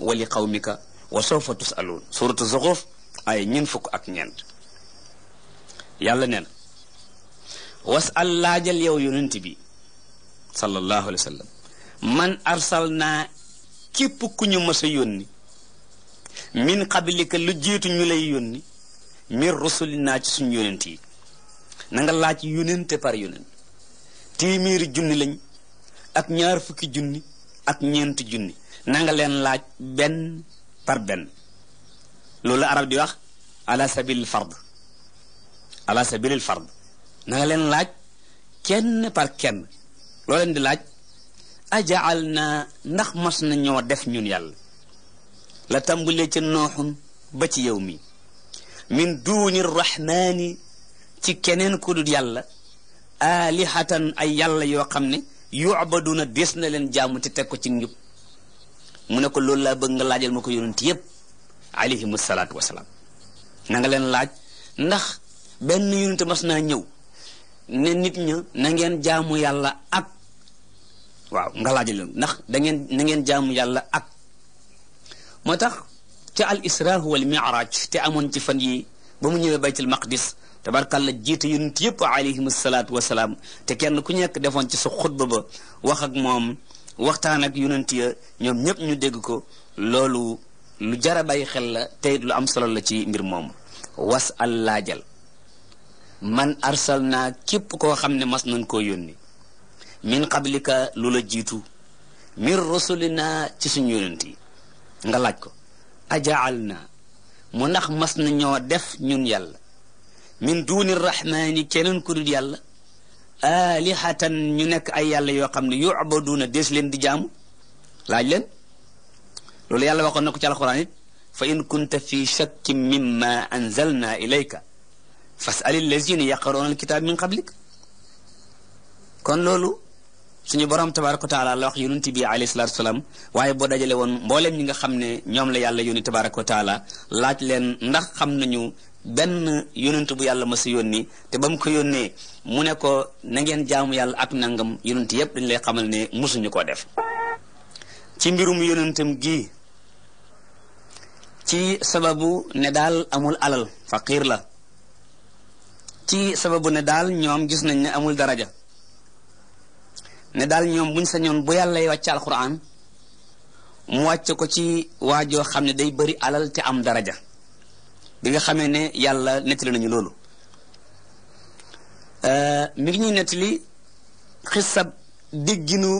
wa li qawmika wa sawfa tusaluun suratu zuxuf ay ñun fukk ak ñeent yàlla nee na wasal laajal yow yonent bi sallallahu alayhi wa sallam man arsalnaa képp ku ñu mës a yónni min qablika lu jiitu ñu lay yónni min rusulinaa ci suñu yonent yi na nga laaj yonente par yonent téeméeri junni lañ ak ñaar fukki junni ak ñeent junni nanga leen laaj benn par benn loolu la arab di wax ala sabilil fard ala sabilil fard nanga leen laaj kenn par kenn loo leen di laaj ajaal na ndax mas na ñoo def ñun yàlla la tàmbulee ca nooxun ba ci yow mi min duuni rahmaani ci keneen ku dul yàlla aalihatan ay yàlla yoo xam ne yubaduuna des na leen jaamu te teg ko ci njub mu ne ko loolu laa bëgg nga laajal ma ko yonent yépp alayhimu salaatu wasalaam na nga leen laaj ndax benn yonent mas naa ñëw ne nit ña na ngeen jaamu yàlla ak waaw nga laajal leen ndax dangeen ngeen na ngeen jaamu yàlla ak moo tax ca al isra wal mi'raj te amoon ci fan yi ba mu ñëwee baytul maqdis tabarkàlla jiite yonent yépp alayhimu salaatu wasalaam te kenn ku nekk defoon ci sa xutba ba wax ak moom waxtaan ak yonent ya ñoom ñëpp ñu dégg ko loolu lu jara bàyyi xel la teyit lu am solo la ci mbir moomu was al man arsal naa képp koo xam ne mas nañ koo yónni min qablika lu la jiitu min rusulina ci suñu yonent yi nga laaj ko ajaal naa mu ndax mas na ñoo def ñun yàlla min duuni rahmaani keneen ku yàlla alihatan ñu nekk ay yàlla yoo xam ne yu'baduna des leen di jaamu laaj leen loolu yàlla waxoon na ko ci alxuraan it fa in kunta fi shakkin mimma anzalna ilayka fas'al allazina yaqra'una alkitab min qablik kon loolu suñu borom tabaraka wa taala la wax yonent bi alayhi salaatu wasalaam waaye boo dajale woon mbooleem ñi nga xam ne ñoom la yàlla yónni tabaraka wa laaj leen ndax xam nañu benn yonant bu yàlla yoon nii te ba mu ko yónnee mu ne ko na ngeen jaamu yàlla ak nangam yonent yépp dañ lay xamal ne musuñu koo def ci mbirum yonentam gii ci sababu ne daal amul alal faqiir la ci sababu ne daal ñoom gis nañ ne amul daraja ne daal ñoom buñ sañoon bu yàlla wàcc alquran mu wàcc ko ci waajoo xam ne day bari alal te am daraja bi nga xamee ne yàlla nettali nañu loolu euh, mu ngi ñuy nettali xisab digginu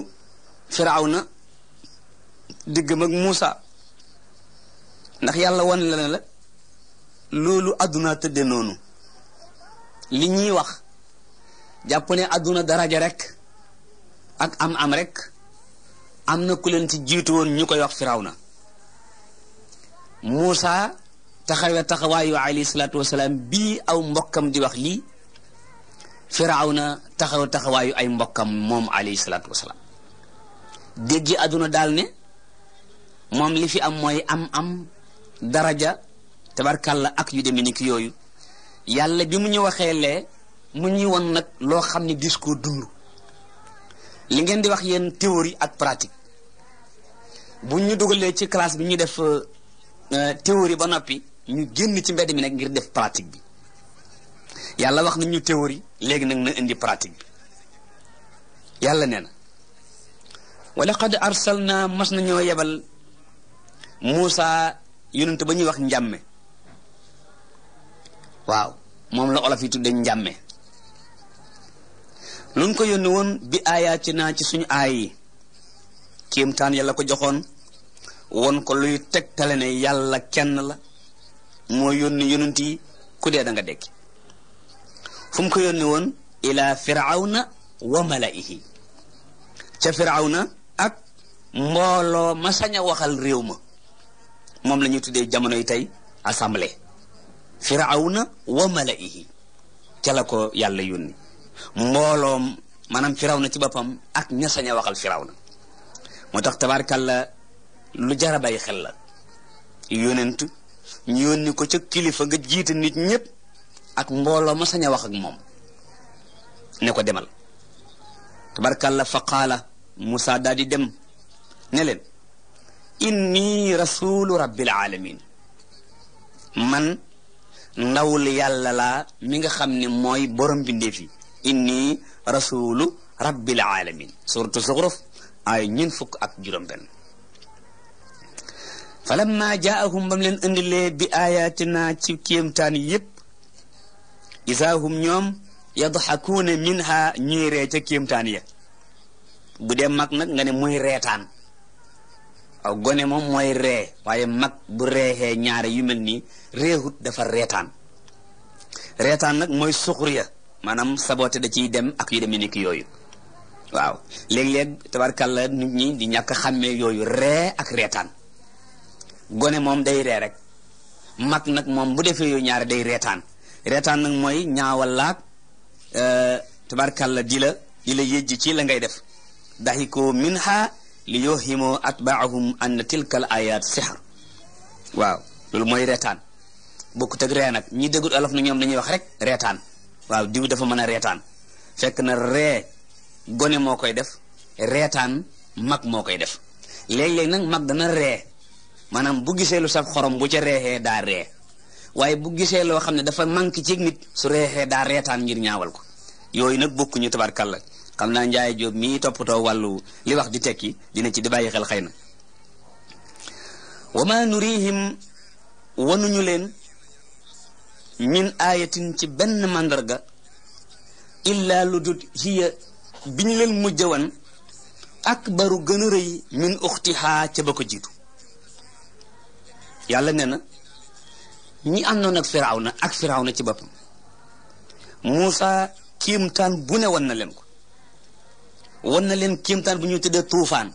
firawna diggam ak musa ndax yàlla wan la ne la loolu àdduna tëdde noonu li ñuy wax jàpp ne àdduna daraja rek ak am am rek am na ku leen ci jiitu woon ñu koy wax firawna Muusa taxawee taxawaayu alayhi salaatu wasalaam bii aw mbokkam di wax lii na taxaw taxawaayu ay mbokkam moom alayhi salaatu wasalaam dégg àdduna daal ne moom li fi am mooy am am daraja tabarkàlla ak yu demee yooyu yàlla bi mu ñu waxee lee mu ñu won nag loo xam ne dis koo dund li ngeen di wax yéen théorie ak pratique bu ñu dugalee ci classe bi ñu def euh, théorie ba noppi ñu génn ci mbedd mi nag ngir def pratique bi yàlla wax nañ ñu théorie léegi nag na indi pratique bi yàlla nee na wa laqad na mas nañoo yebal Muusa yonent ba ñuy wax njàmme waaw moom la olof yi tudde njàmme lu ñu ko yónni woon bi aayaati naa ci suñu aay yi kéemtaan yàlla ko joxoon won ko luy tegtale ne yàlla kenn la moo yónni yonent yi ku dee da nga dekki fu ko yónni woon ila firawna wa malaihi ca firawna ak mbooloo ma sañ a waxal réew ma moom la ñuy tuddee jamono yi tey assemblée firawna wa malaihi ca la ko yàlla yónni mbooloom maanaam firawna ci boppam ak ña sañ a waxal firawna moo tax tabaarkàlla lu jar a bàyyi xel la ñu yónni ko ca kilifa nga jiite nit ñëpp ak mbooloo ma sañ a moom ne ko demal tabarkalla fa qaala Moussa dem ne leen inni rasulu rabbil alamin man ndawul yàlla laa mi nga xam ni mooy borom bindeef yi inni rasulu rabbil alamin suratu zuxruf ay ñeent fukk ak juróom benn falamma jaahum bam leen indi indilee bi ayatina ci kéemtaan yépp isaahum ñoom yadxakuuna minha ñuy ree ca kéemtaan ya bu dee mag nag nga ne muy reetaan aw gone moom mooy ree waaye mag bu reexee ñaare yu mel nii réexut dafa reetaan reetaan nag mooy suxriya maanaam saboote da ciy dem ak yu demee ni ki yooyu waaw léeg-léeg tabarkàlla nit ñi di ñàkk xàmmee yooyu ree ak reetaan gone moom day ree rek mag nag moom bu defee yooyu ñaari day reetaan reetaan nag mooy ñaawal laag euh, tabarkàlla di la di la yëjj ci la ngay def daxikoo minha li yohimoo atbaahum ann tilka al ayat sixar waaw loolu mooy reetaan bokkut ak ree nag ñi déggut olof na ñoom dañuy wax rek reetaan waaw diw dafa mën a reetaan fekk na ree gone moo koy def reetaan mag moo koy def léeg-léeg nag mag dana ree maanaam bu gisee lu saf xorom bu ca reexee daa ree waaye bu gisee loo xam ne dafa manqué ci nit su reexee daa reetaan ngir ñaawal ko yooyu nag bokkuñu tabarkàlla xam naa Njaay Jóob mii toppatoo wàllu li wax di tekki dina ci di bàyyi xel xëy na wa ma nurihim wanuñu leen min ayatin ci benn màndarga illaa lu dut hiya bi ñu leen mujj wan akbaru gën a rëy min uxtihaa ca ba ko jiitu yàlla nee na ñi àndoon ak na ak Firawna ci boppam Muusa kéemtaan bu ne wan na leen ko wan na leen kéemtaan bu ñu tëddee tuufaan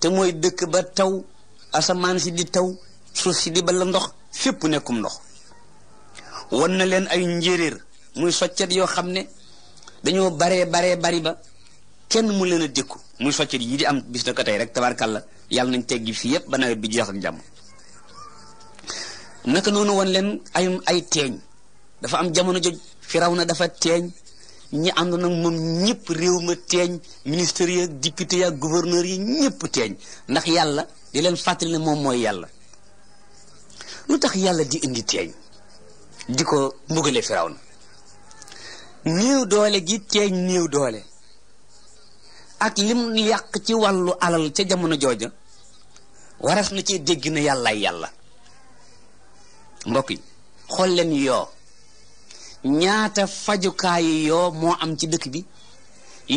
te mooy dëkk ba taw asamaan si di taw suuf si di bala ndox fépp nekkum ndox wan na leen ay njéeréer muy soccet yoo xam ne dañoo baree baree bari ba kenn mu leen a dékku muy soccet yi di am bis na ko tey rek tabarkàlla yàlla nañ teggi fii yëpp ba nawet bi jeex ak jàmm naka noonu woon leen ay ay teeñ dafa am jamono joj firaw na dafa teeñ ñi ànd na moom ñëpp réew ma teeñ ministère yi ak député yi ak gouverneur yi ñëpp teeñ ndax yàlla di leen fàttali ne moom mooy yàlla lu tax yàlla di indi teeñ di ko mbugale firaw na néew doole gi teeñ néew doole ak lim yàq ci wàllu alal ca jamono jooja waras na cee dégg na yàllaay yàlla mbokk yi xool leen yoo ñaata fajukaayi yoo moo am ci dëkk bi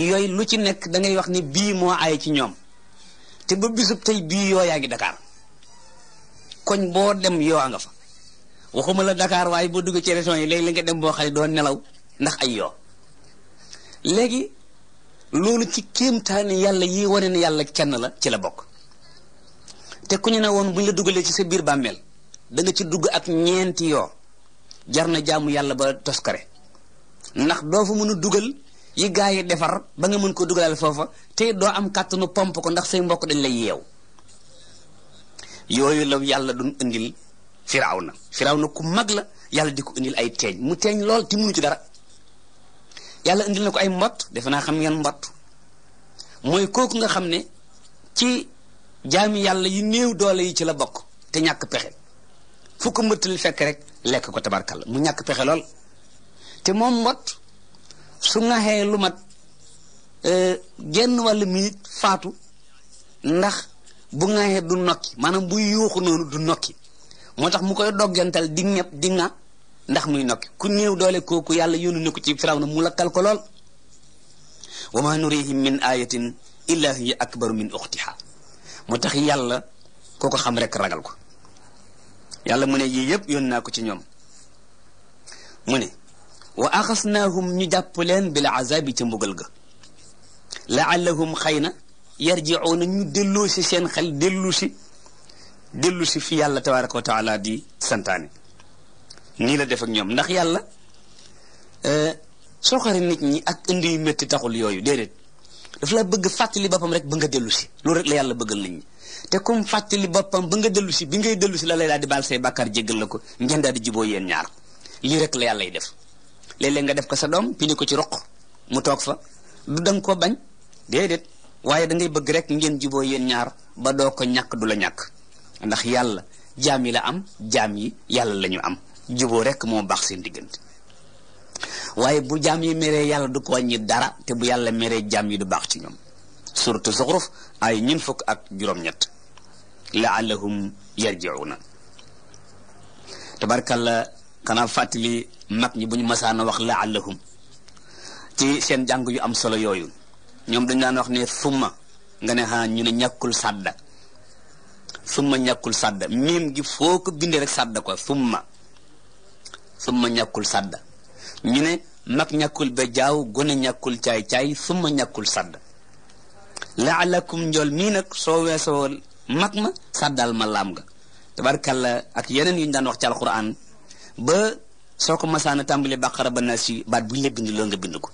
yooyu lu ci nekk da ngay wax ni bii moo ay ci ñoom te ba bisub tey bii yoo yaa ngi Dakar koñ boo dem yoo a nga fa waxuma la dakaar waaye boo dugg ci région yi léegi la nga dem boo xale doo nelaw ndax ay yoo léegi loolu ci kéemtaani yàlla yi wane yàlla kenn la ci la bokk te ku ñu ne woon bu ñu la dugalee ci sa biir bàmmeel da ci dugg ak ñeenti yoo jar na jàmm yàlla ba toskare ndax doo fa mën a dugal yi gaa yi defar ba nga mën koo dugalal foofa te doo am kàttanu pomp ko ndax say mbokk dañ la yeew yooyu la yàlla duñ indil Firawna na ku mag la yàlla di ko indil ay teeñ mu teeñ lool ti munu ci dara yàlla indil na ko ay mbott defe naa xam ngeen mbott mooy kooku nga xam ne ci jaami yàlla yu néew doole yi ci la bokk te ñàkk pexe fu ko mbëttali fekk rek lekk ko tabarkalla mu ñàkk pexe lool te moom mbott su ngaxee lu mat e, genn wàllu minit faatu ndax bu ngaxee du nokki maanaam buy yuuxu noonu du nokki moo tax mu koy doggantal di ñëpp ndax muy nokki ku néew doole kooku yàlla yónni ne ko ci firawna mu lakkal ko lool wa ma nurihim min ayatin illa hiya akbaru min uxtiha moo tax yàlla koo ko xam rek ragal ko yàlla mu ne yii yëpp yoon naa ko ci ñoom mu ne wa axasnaahum ñu jàpp leen bil azabi ca mbugal ga la laallahum xay na yarjicuuna ñu delloo si seen xel dellu si dellu si fi yàlla tabaraka wa di santaane nii la def ak ñoom ndax yàlla eh, soxari nit ñi ak indi yu taxul yooyu déedéet dafa la bëgg fàttali boppam rek ba nga dellu si loolu rek la yàlla bëggal nit ñi te comme fàttali boppam ba nga dellu si bi ngay dellu si la lay daal di baal say bàkkaar jéggal la ko ngeen daal di jiboo yéen ñaar lii rek la yàlla def léeg-léeg nga def ko sa doom pini ko ci roq mu toog fa du da ko bañ déedéet waaye da ngay bëgg rek ngeen jiboo yéen ñaar ba doo ko ñàkk du la ñàkk ndax yàlla jaam yi la am jaam yi yàlla la ñu am juboo rek moo baax seen diggante waaye bu jaam yi meree yàlla du ko wàññi dara te bu yàlla meree jaam yi du baax ci ñoom suratu zuxruf ay ñin fukk ak juróom-ñett laallahum yarjiuna tabarkalla xanaa fàttali mag ñi bu ñu masaana wax laallahum ci seen jàng yu am solo yooyu ñoom dañ daan wax ne summa nga ne xaa ñu ne ñàkkul sàdda summa ñàkkul sàdda miim gi foo ko bindee rek sàdda ko summa summa ñàkkul sàdda ñu ne mag ñàkkul ba jaaw gone ñàkkul caay-caay summa ñàkkul sadd laalakum njool mii nag soo weesoo mag ma sàddal ma laam nga tabarkalla ak yeneen yu ñu daan wax ci alquran ba soo ko masaana tàmbali bàqara ba naa si baat bu ñu la bind nga bind ko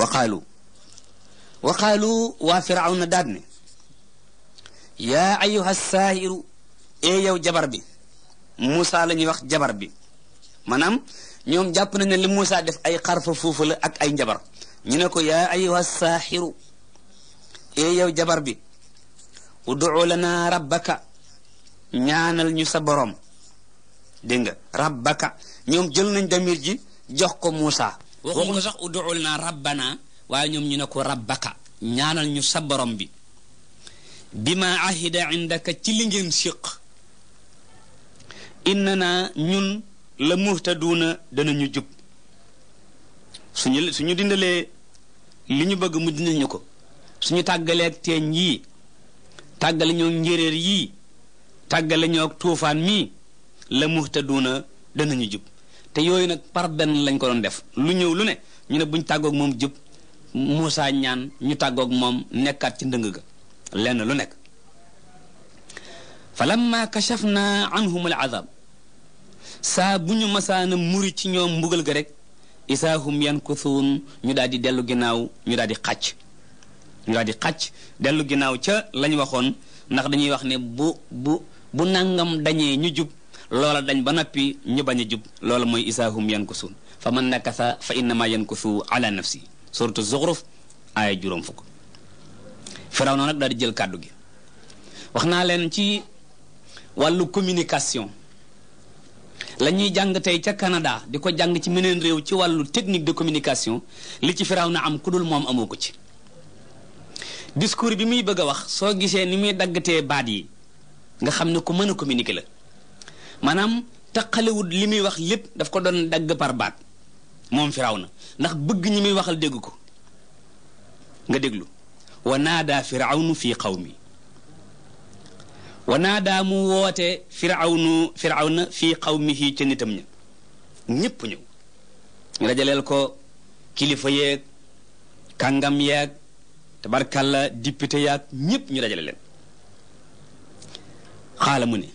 waqaalu waqaalu waa firawna daat ne yaa ayuha saahiru ee yow jabar bi musaa la ñuy wax jabar bi maanaam ñoom jàpp nañ li Moussa def ay xarfa foofu la ak ay njabar ñu ne ko yaa ayyuha saaxiru ee eh yow jabar bi ud'u lana rabbaka ñaanal ñu sa boroom dégg nga rabbaka ñoom jël nañ damir ji jox ko Moussa waxuñ ko sax ud'u lana rabbana waaye ñoom ñu ne ko rabbaka ñaanal ñu sa boroom bi bima ahida indaka ci li ngeen siq innana ñun la muhtaduuna danañu jub suñu suñu dindalee li ñu bëgg mu dindal ñu ko suñu tàggalee ak teeñ yii tàggale ñoo njéréer yii tàggale ñoo ak tuufaan mii la muhtaduuna danañu jub te yooyu nag par benn lañ ko doon def lu ñëw lu ne ñu ne buñ tàggook moom jub Muusaa ñaan ñu tàggook moom nekkaat ci ndëng ga lenn lu nekk falamma kashafna anhum al azab saa bu ñu masaana muri ci ñoom mbugal ga rek isaahum yankuthuun ñu daal di dellu ginnaaw ñu daal di xàcc ñu daal di xàcc dellu ginnaaw ca lañu waxoon ndax dañuy wax ne bu bu bu nangam dañee ñu jub loola dañ ba noppi ñu bañ a jub loola mooy isaahum yankuthuun fa man nakasa fa innama yankuthu ala nafsi suratu zuxruf aaya juróom fukk firaw noonu nag daal di jël kàddu gi wax naa leen ci wàllu communication la ñuy jàng tey ca Canada di ko jàng ci meneen réew ci wàllu technique de communication li ci firaaw na am ku dul moom amoo ko ci discours bi muy bëgg a wax soo gisee ni muy daggatee baat yi nga xam ne ko mën a communiquer la maanaam taqalewut li muy wax lépp daf ko doon dagg par baat moom firaaw na ndax bëgg ñi muy waxal dégg ko nga déglu wa naada fi xaw mi wa naadaa mu woote firawnu firawna fii qawmihi ca nitam ña ñépp ñëw rajaleel ko kilifa yeeg kàngam yeeg tabarkàlla député yaag ñépp ñu rajale leen xaala mu ne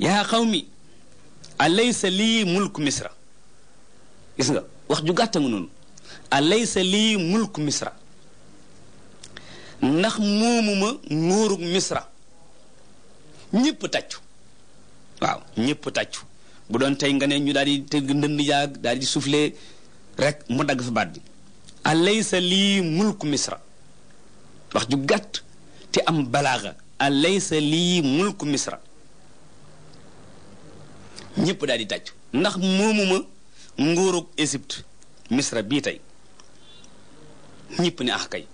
yaa qawmi alaysa lii mulku misra gis nga wax ju gàtta nga noonu alaysa lii mulku misra ndax moomuma nguurug misra ñëpp tàccu waaw ñëpp tàccu bu doon tey nga ne ñu daal di tëgg ndënd jaag daal di soufflé rek mu dagg fa baat bi alaysa lii mulku misra wax ju gàtt te am balaaga alaysa lii mulku misra ñëpp daal di tàccu ndax moomuma nguurug esipt misra bii tey ñëpp ne ah kay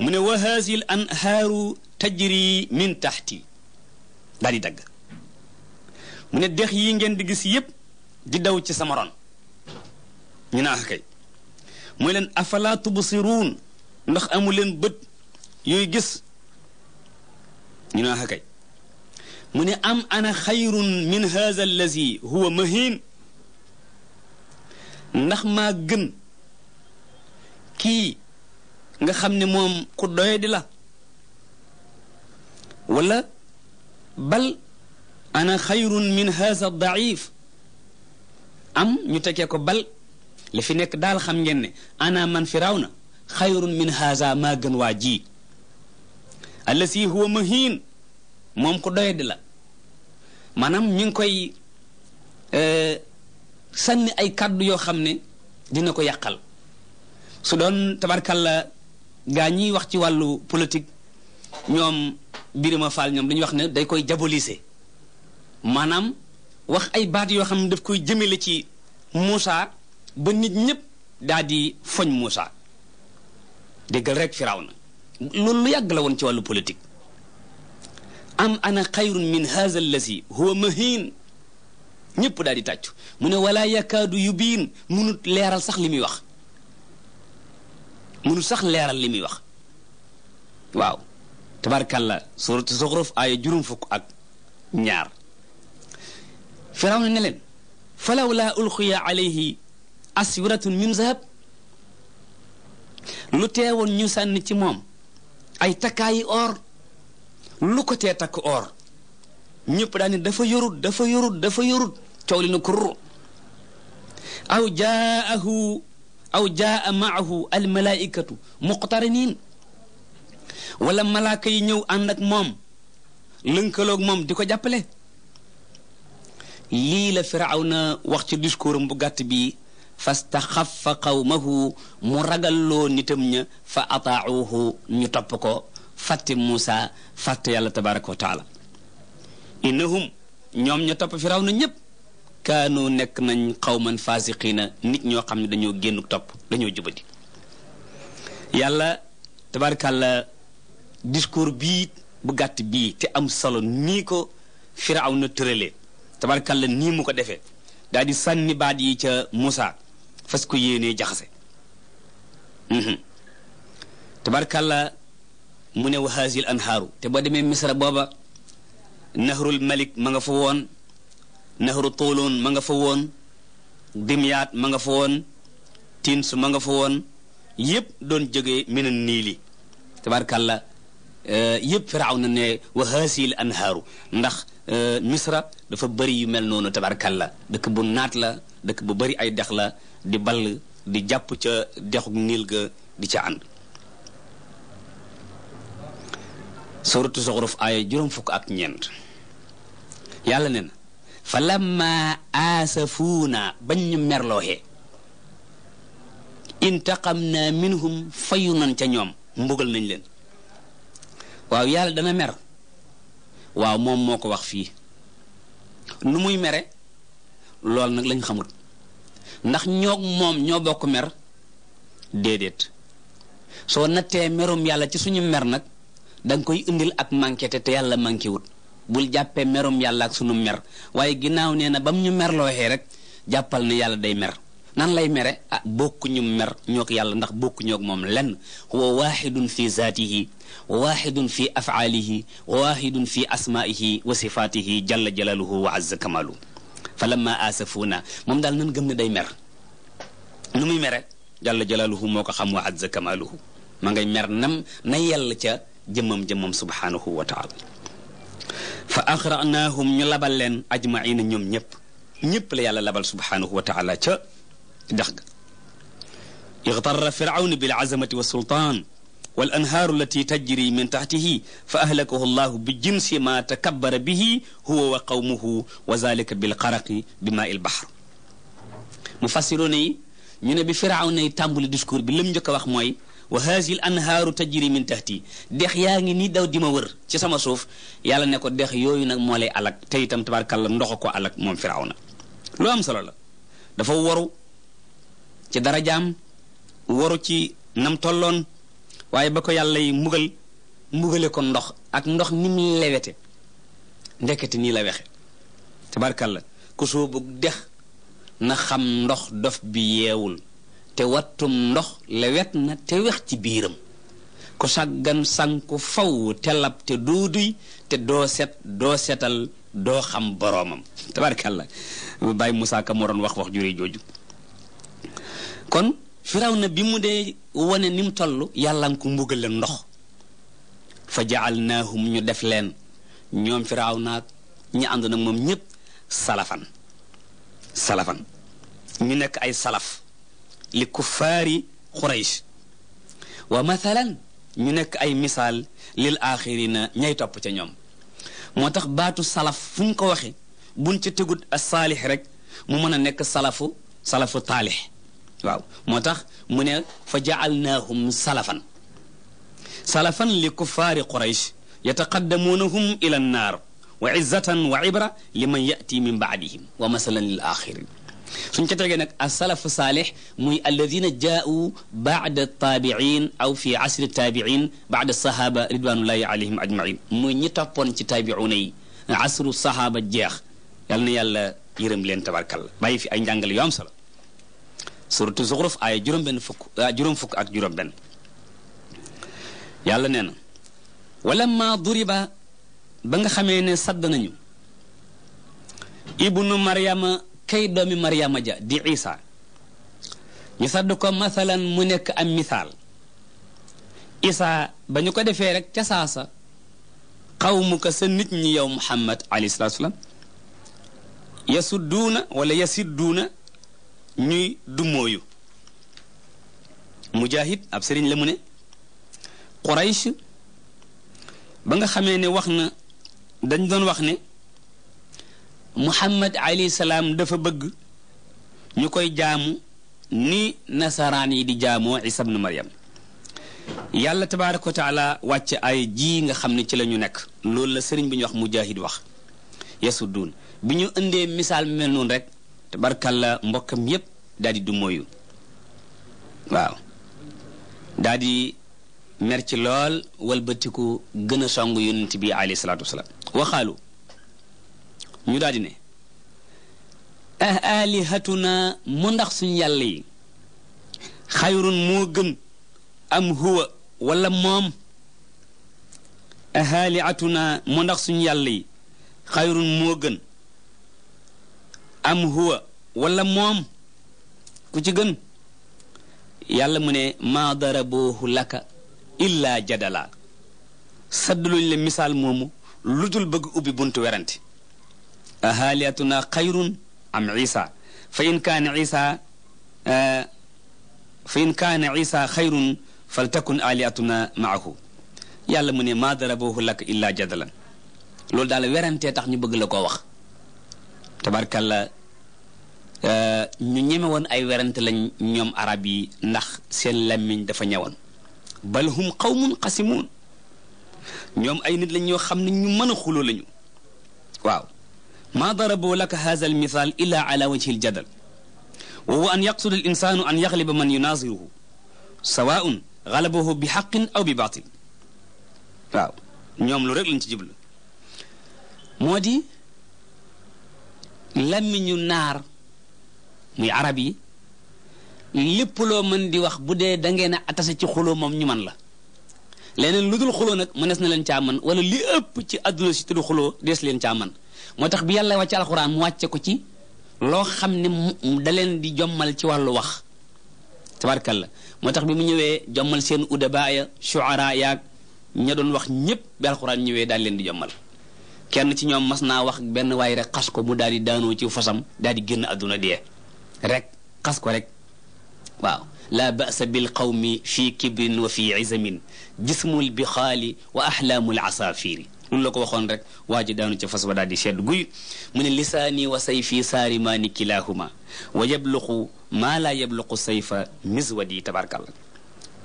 mu ne wa haazihil anhaaru tajri min taxti daal di dagg mu ne dex yi ngeen di gis yépp di daw ci sama ron ñu naa kay mooy leen afala tubsiruun ndax amu leen bët yooyu gis ñu naa kay mu ne am ana xayrun min haza huwa mahin ndax maa gën kii nga xam ne moom ku doy di la wala bal ana xayrun min haza daif am ñu tekkee ko bal li fi nekk daal xam ngeen ne ana man firaw na xayrun min haza maa gën waa ji allasi huwa mahiin moom ko doyadi la maanaam ñu ngi koy e, sànni ay kàddu yoo xam ne dina ko yàqal su doon tabarkalla gaa ñiy wax ci wàllu politique ñoom Birima Fall ñoom lu dañuy wax ne day koy diaboliser maanaam wax ay baat yoo xam ne daf koy jëmale ci Moussa ba nit ñëpp daal di foñ Moussa déggal rek Firawna loolu lu yàgg la woon ci wàllu politique am ana xayrun min haza allazi huwa mahin ñëpp daal di tàccu mu ne wala yakaadu yu biin munut leeral sax li muy wax munut sax leeral li muy wax waaw tabarkalla suuratu Zuxruf aaya juróom fukk ak ñaar firawna ne leen falawlaa ulqiya alayhi aswiratun min zahab lu teewoon ñu sànni ci moom ay takkaayi or lu ko tee takk or ñëpp daal ne dafa yorut dafa yorut dafa yorut coow li na kurr aw jaahu aw jaa maahu almalaikatu muqtarinin walla malaaka yi ñëw ànd ak moom lënkaloog moom di ko jàppale lii la na wax ci discours bu gàtt bi fastaxafa qawmahu mu ragalloo nitam ña fa ataacuuhu ñu topp ko fàtte Muusa fàtte yàlla tabaraka wa taala innahum ñoom ña topp na ñépp kaanu nekk nañ qawman faasiqiina nit ñoo xam ne dañoo génn topp dañoo jubadi yàlla tabarakàlla discours bii bu gàtt bii te am solo nii ko firaw na tërale tabarkalla nii mu ko defe daal di sànni baat yi ca Moussa fas ko yéenee jaxase mhm. tabarkalla mu ne wa haazil te boo demee misra booba nahrul malik ma nga fa woon nahru tooloon ma nga fa woon dimyaat ma nga fa woon tiins ma nga fa woon yépp doon jógee minen niili tabarkalla Euh, yëpp firaw na ne wa haasihi ndax euh, misra dafa bari yu mel noonu tabarkalla dëkk bu naat la dëkk bu bari ay dex la di bal di jàpp ca dexu niil ga di ca ànd suratu Zuxruf aaya juróom fukk ak ñeent yàlla ne na fa lamma aasafuuna bañ ñu merlooxee intaqam naa minhum fayu nan ca ñoom mbugal nañ leen waaw yàlla dana mer waaw moom moo ko wax fii nu muy mere loolu nag lañ xamut ndax ñoog moom ñoo bokk mer déedéet soo nattee merum yàlla ci suñu mer nag danga koy indil ak manqué te yàlla manqué wut bul jàppee merum yàlla ak sunu mer waaye ginnaaw nee na bam ñu merlooxee rek jàppal ne yàlla day mer nan lay mere ah bokkuñu mer ñoog yàlla ndax bokkuñoog moom lenn huwa waxidun fi yi wa waxidun fi afaalihi wa waxidun fi asmaihi wa sifaatihi jalla jalaaluhu wa azza kamaalu fa lamma asafuuna moom daal nan gëm ne day mer nu muy mere jalla jalaaluhu moo ko xam wa azza kamaaluhu ma ngay mer nam na yàlla ca jëmmam jëmmam subhaanahu wa taala fa aqranaahum ñu labal leen ajmaina ñoom ñëpp ñëpp la yàlla labal subhaanahu wa taala ca dex ga ixtarra firawna bil azamati wa sultaan wal anhaaru allati tajri min taxtihi fa ahlakahu llahu bi jinsi ma takabbara bihi huwa wa qawmuhu wa zalika bil xaraqi bi maa il bahr mu fassiroon yi ñu ne bi firaaw nay tàmbali discours bi lim njëkk a wax mooy wa haazihil anhaaru tajri min tahti dex yaa ngi nii daw di ma wër ci sama suuf yàlla ne ko dex yooyu nag moo lay alak te itam tabarkàlla ndox ko alak moom firaaw na lu am solo dafa waru ci darajaam waru ci nam tolloon waaye ba ko yàlla yi mbugal mbugale ko ndox ak ndox ni mu lewete ndekete nii la wexe la ku soobu dex na xam ndox dof bi yeewul te wattum ndox la wet na te wex ci biiram ko sàggan sànku faw te lab te duuduy te doo set doo setal doo xam boroomam tabarkalla bàyyi Musaa Ka moo doon wax wax jure jooju kon firaw na bi mu dee wane ni mu toll yàlla ko mbugale ndox fa jaalnaahum ñu def leen ñoom firaaw naag ñi ànd nag moom ñu nekk ay salaf li kuffaari xuraysh wa mathalan ñu nekk ay misaal lil axirina ñay topp ca ñoom moo tax baatu salaf fu ñu ko waxee buñ ca tegut as saalix rek mu mën a nekk salafu salafu taalix waaw moo tax mu ne fa jacalnaahum salafan salafan li kuffaari quraysh yataqaddamuunahum ila annaar wa izzatan wa ibra li man yati min baadihim wa masalan lil axirin suñ ca tegee nag asalafu saalix muy alladina jaau baada taabiin aw fi asri taabiin baada sahaaba ridwanullahi alayhim ajmain muy ñi toppoon ci taabiuna yi asru sahaaba jeex yal na yàlla yërëm leen tabarkalla bàyyi fi ay njàngale yu am solo suratu zuxruf aaya juróom benn fukk juróom fukk ak juróom benn yàlla nee na walamma duriba ba nga xamee ne sadd nañu ibnu maryama kay doomi maryama ja di isa ñu sadd ko mathalan mu nekk am misaal isa ba ñu ko defee rek ca saasa xawmu ko sa nit ñi yow muhammad alayhi salatu yasudduuna wala yasidduuna ñuy dummóoyu mujaahid ab sëriñ la mu ne quraysh ba nga xamee ne wax na dañ doon wax ne muhammad alayhi salaam dafa bëgg ñu koy jaamu ni nasaraan yi di jaamoo isa bnu maryam yàlla tabaaraka wa taala wàcc ay ji nga xam ne ci la ñu nekk loolu la sëriñ bi ñu wax mujaahid wax yasudduun bi ñu indee misaal mel noonu rek te tabarkalla mbokkam yépp daal di du moyu waaw daal di lool walbatiku gën a song yonent bi alayhi salaatu wasalaam waxaalu ñu daal di ne ah alihatuna mu ndax suñu yàlla yi xayrun moo gën am huwa wala moom ahaliatuna mu ndax suñu yàlla yi xayrun moo gën am huwa wala moom ku ci gën yàlla mu ne maa darabuhu laka illaa jadala sadduluñ le misaal moomu lu dul bëgg ubbi buntu werante ahaaliyatuna xayrun am isa fa in kaana isa fa in kaana isa xayrun faltakun aliyatuna maahu yàlla mu ne maa darabuhu laka illaa jadalan loolu daal werantee tax ñu bëgg la koo wax tabarkalla euh, ñu ñeme woon ay werante lañ ñoom arab yi ndax seen làmmiñ dafa ñëwoon bal hum qawmun qasimun ñoom ay nit lañ xam ne ñu mën a xuloo lañu waaw ma daraboo laka haza al mithal illa ala wajhi al jadal wa huwa an yaqsuda al an yaghliba man yunaziruhu sawaun galabahu bi xaqin aw bi baatil waaw ci jublu làmmiñu naar muy arab yi lépp loo mën di wax bu dee da ngeen a attase ci xuloo moom ñu man la leneen lu dul xuloo nag mënees na leen caa man wala li ëpp ci àdduna si tudd xuloo dees leen caa man moo tax bi yàlla wàcce alxuraan mu wàcce ko ci loo xam ne da leen di jommal ci wàllu wax la moo tax bi mu ñëwee jommal seen udabaa ya shuara yaag ña doon wax ñépp bi alxuraan ñëwee daal leen di jommal kenn ci ñoom mas naa wax benn waay rek xas ko mu daal di daanoo ci fosam daal di génn àdduna dee rek xas ko rek waaw laa ba'sa bil qawmi fii kibrin wa fii izamin jismul bixaali wa ahlaamul asaafiri loolu la ko waxoon rek waa ji daanu ca fas daal di sedd guy mu ne lisaani wa sayfi saarimaani kilaahuma wa yabluqu maa laa yabluqu sayfa miswadi tabarkalla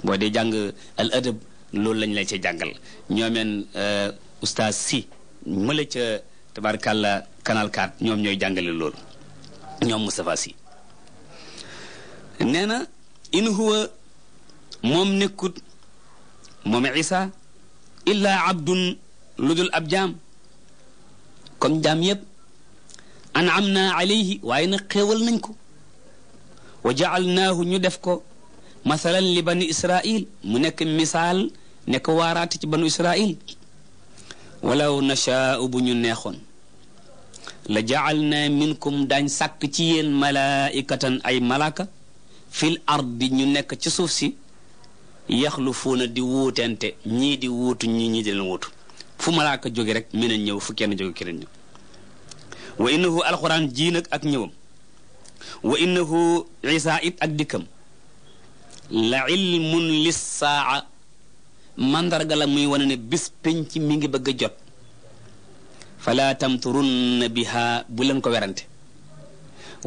boo dee jàng al adab loolu lañ la ca jàngal ñoomeen euh, ustaas si mële ca tabarkàlla canal 4 ñoom ñooy jàngale loolu ñoom Moustapha Sy nee na in huwa moom nekkut moom isa illaa abdun lu dul ab jaam comme jaam yépp an am naa waaye nag xéewal nañ ko wa jaalnaahu ñu def ko masalan li bani israil mu nekk misaal nekk waaraate ci banu israil walaw nashaau bu ñu neexoon la na minkum daañ sàkk ci yéen malaaikatan ay malaaka fil ardi ñu nekk ci suuf si yaxlufuuna di wuutente ñii di wuutu ñii ñii di leen wuutu fu malaaka jóge rek mën ñëw fu kenn jóge keneen ñëw wa innahu alquran jii nag ak ñëwam wa innahu isa it ak dikkam la ilmun lissaa mandarga la muy wane ne bis penc mi ngi bëgg a jot falaa tamturunna biha bu leen ko werante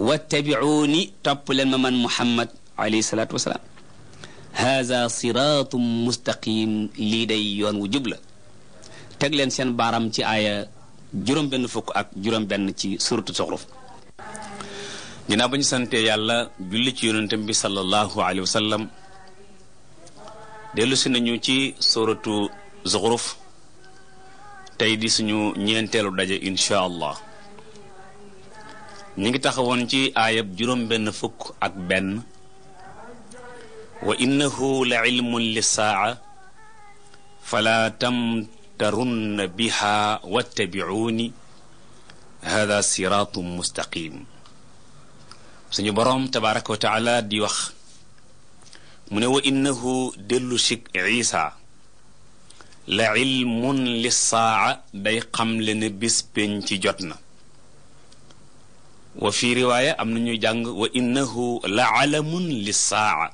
wattabiuuni topp leen ma man muhammad alayhi salaatu wasalaam haza siratum mustaqim lii day yoon wu jub la teg leen seen baaram ci aaya juróom benn fukk ak juróom benn ci suratu soxruf ginnaaw ba ñu sante yàlla julli ci yonentam bi sallallahu alayhi wa dellusi nañu ci suratu zuxruf tey di suñu ñeenteelu daje incha allah ñu ngi taxawoon ci aayab juróom benn fukk ak benn wa innahu la ilmun lissaa fala tamtarunna biha wattabiuuni hada siraatun mustaqim suñu boroom tabaraka wa di wax mu ne wa innahu dellu sik isa la ilmun li saaca day xamle ne bis ci jot na wa fii riwaaya am na ñuy jàng wa innahu la alamun li saaca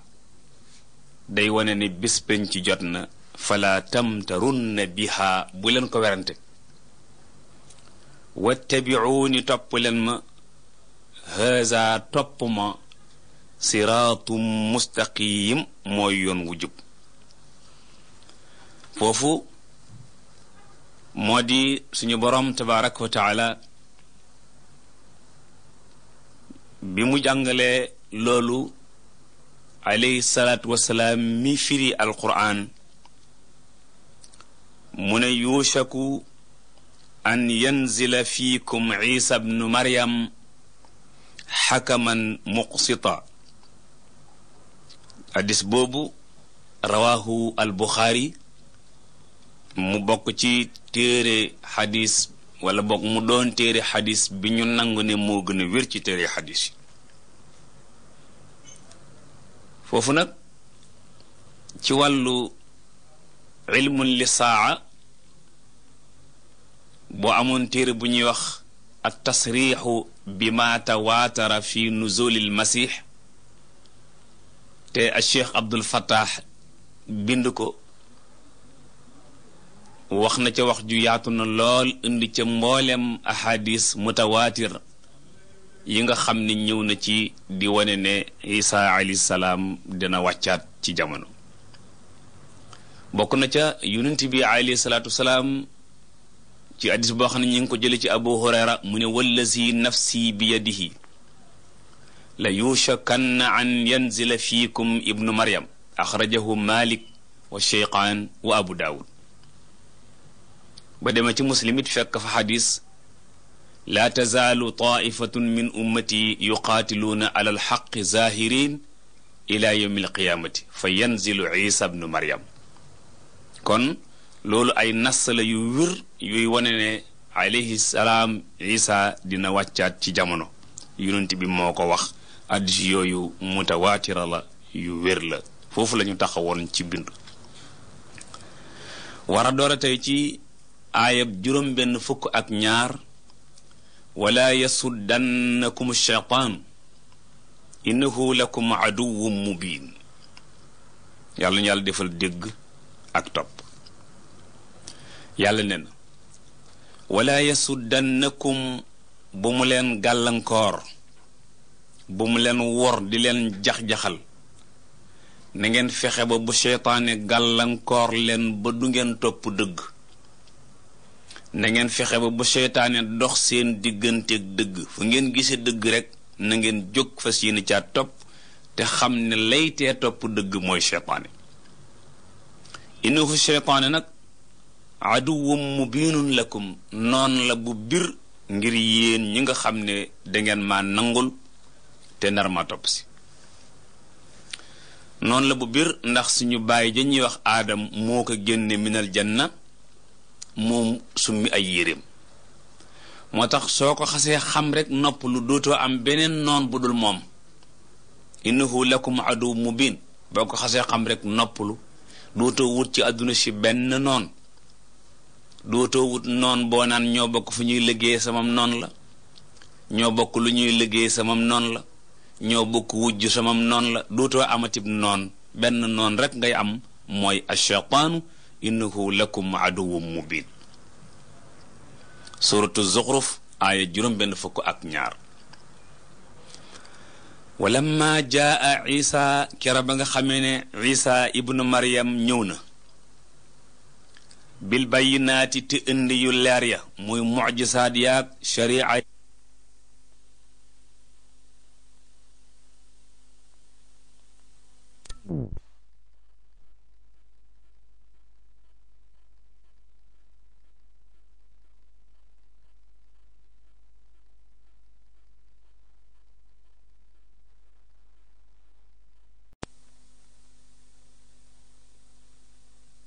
day wane ne bis ci jot na fala tamtarunna biha bu leen ko werante wattabiuuni topp leen ma haza topp ma siraatum mustaqim mooy yoon wu jub foofu moo suñu borom tabaraka wa taala bi mu jàngalee loolu alayhi salaatu wasalaam mi firi alquran mu ne yuushaku an yanzila fiikum isa bnu maryam xakaman muqsita hadis boobu rawaahu al mu bokk ci téere xadis wala bokk mu doon téere xadis bi ñu nangu ne moo gën a wér ci téere foofu nag ci wàllu ilmun li saa boo amoon téere bu ñuy wax at tasriixu bi ma tawaatara fi nuzulil masix te a Cheikh Abdul Fattah bind ko wax na ca wax ju yaatu na lool indi ca mboolem ahadis mutawaatir yi nga xam ne ñëw na ci di wane ne Isa alayhi salaam dina wàccaat ci jamono bokk na ca yonent bi alayhi salaatu salaam ci addis boo xam ne ñu ngi ko jële ci Abu Hurayra mu ne wallazi nafsi bi yadihi la yushakanna an yanzila fiikum ibnu maryam axrajahu malik wa abu daawud ba dema ci muslim it fekk fa xadis laa tazaalu taifatun min ummati yuqaatiluuna ala alxaqi zahirin ila yowmi alqiyaamati fa yanzilu isa ay nas la yu dina wàccaat ci jamono wax addis yooyu mutawaatira la yu wér la foofu lañu taxawoon ci bind war a ci aayab juróom benn fukk ak ñaar wala yasuddannakum shaytaan innahu lakum aduwwun mubin yàlla ñu yàlla defal dégg ak topp yàlla ne na wala yasuddannakum bu mu leen gàllankoor bu mu leen wor di leen jax-jaxal na ngeen fexe ba bu seytaane gàllankoor leen ba du ngeen topp dëgg na ngeen fexe ba bu seytaane dox seen digganteeg dëgg fu ngeen gise dëgg rekk na ngeen jóg fas yéene caa topp te xam ne laytee topp dëgg mooy seytaane innahu seytaane nag aduwum mubinun lakum noon la bu bir ngir yéen ñi nga xam ne dangeen maa nangul te nar ma topp si noonu la bu biir ndax suñu bàyyi ja ñuy wax aadam moo ko génne minal na moom summi ay yéreem moo tax soo ko xasee xam rekk nopp lu dootoo am beneen noon bu dul moom innahu lakum adu biin boo ko xasee xam rek noppalu dootoo wut ci àdduna si benn noon dootoo wut noon boo naan ñoo bokk fu ñuy liggéey sama noon la ñoo bokk lu ñuy liggéey sama noon la ñoo bokk wujj samam noon la dootoo amatib noon benn noon rek ngay am mooy acheytaanu innahu lakum aduwwun mubin suratu zuxruf aaya juróom benn fukk ak ñaar walamma jaa isa kera ba nga xamee ne isa ibnu maryam ñëw na bil bayyinaati te indi yu leer ya muy mucjisaat yaag sharia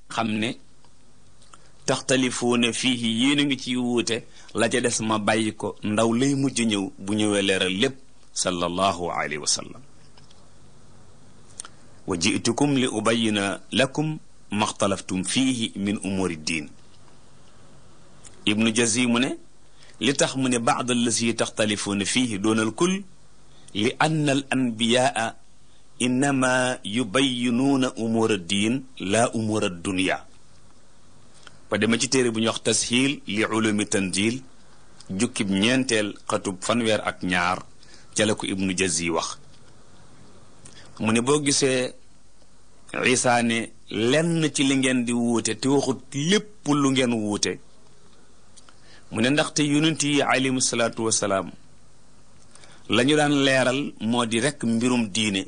xam ne taxtalifone fii yéen a ngi ciy wuute la ca des ma bàyyi ko ndaw lay mujj ñëw bu ñëwee leeral lépp sallallahu alayhi wa sallam wa jitukum li ubayina lakum maxtalaftum fiihi min umuuri diin ibnu jazi mu ne li tax mu ne baad allazi taxtalifuuna fiihi doonal kul li anna al anbiyaa innama yubayinuuna umuura diin laa umuura dunia ba dama ci téere bu ñuy wax tashiil li ulumi tanzil jukkib ñeenteel xatub fanweer ak ñaar ca la ko ibnu jazi wax mu ne boo gisee Isaa ne lenn ci li ngeen di wuute te waxut lépp lu ngeen wuute mu ne ndaxte yonent yi alayhimu salaatu wasalaam la ñu daan leeral moo di rekk mbirum diine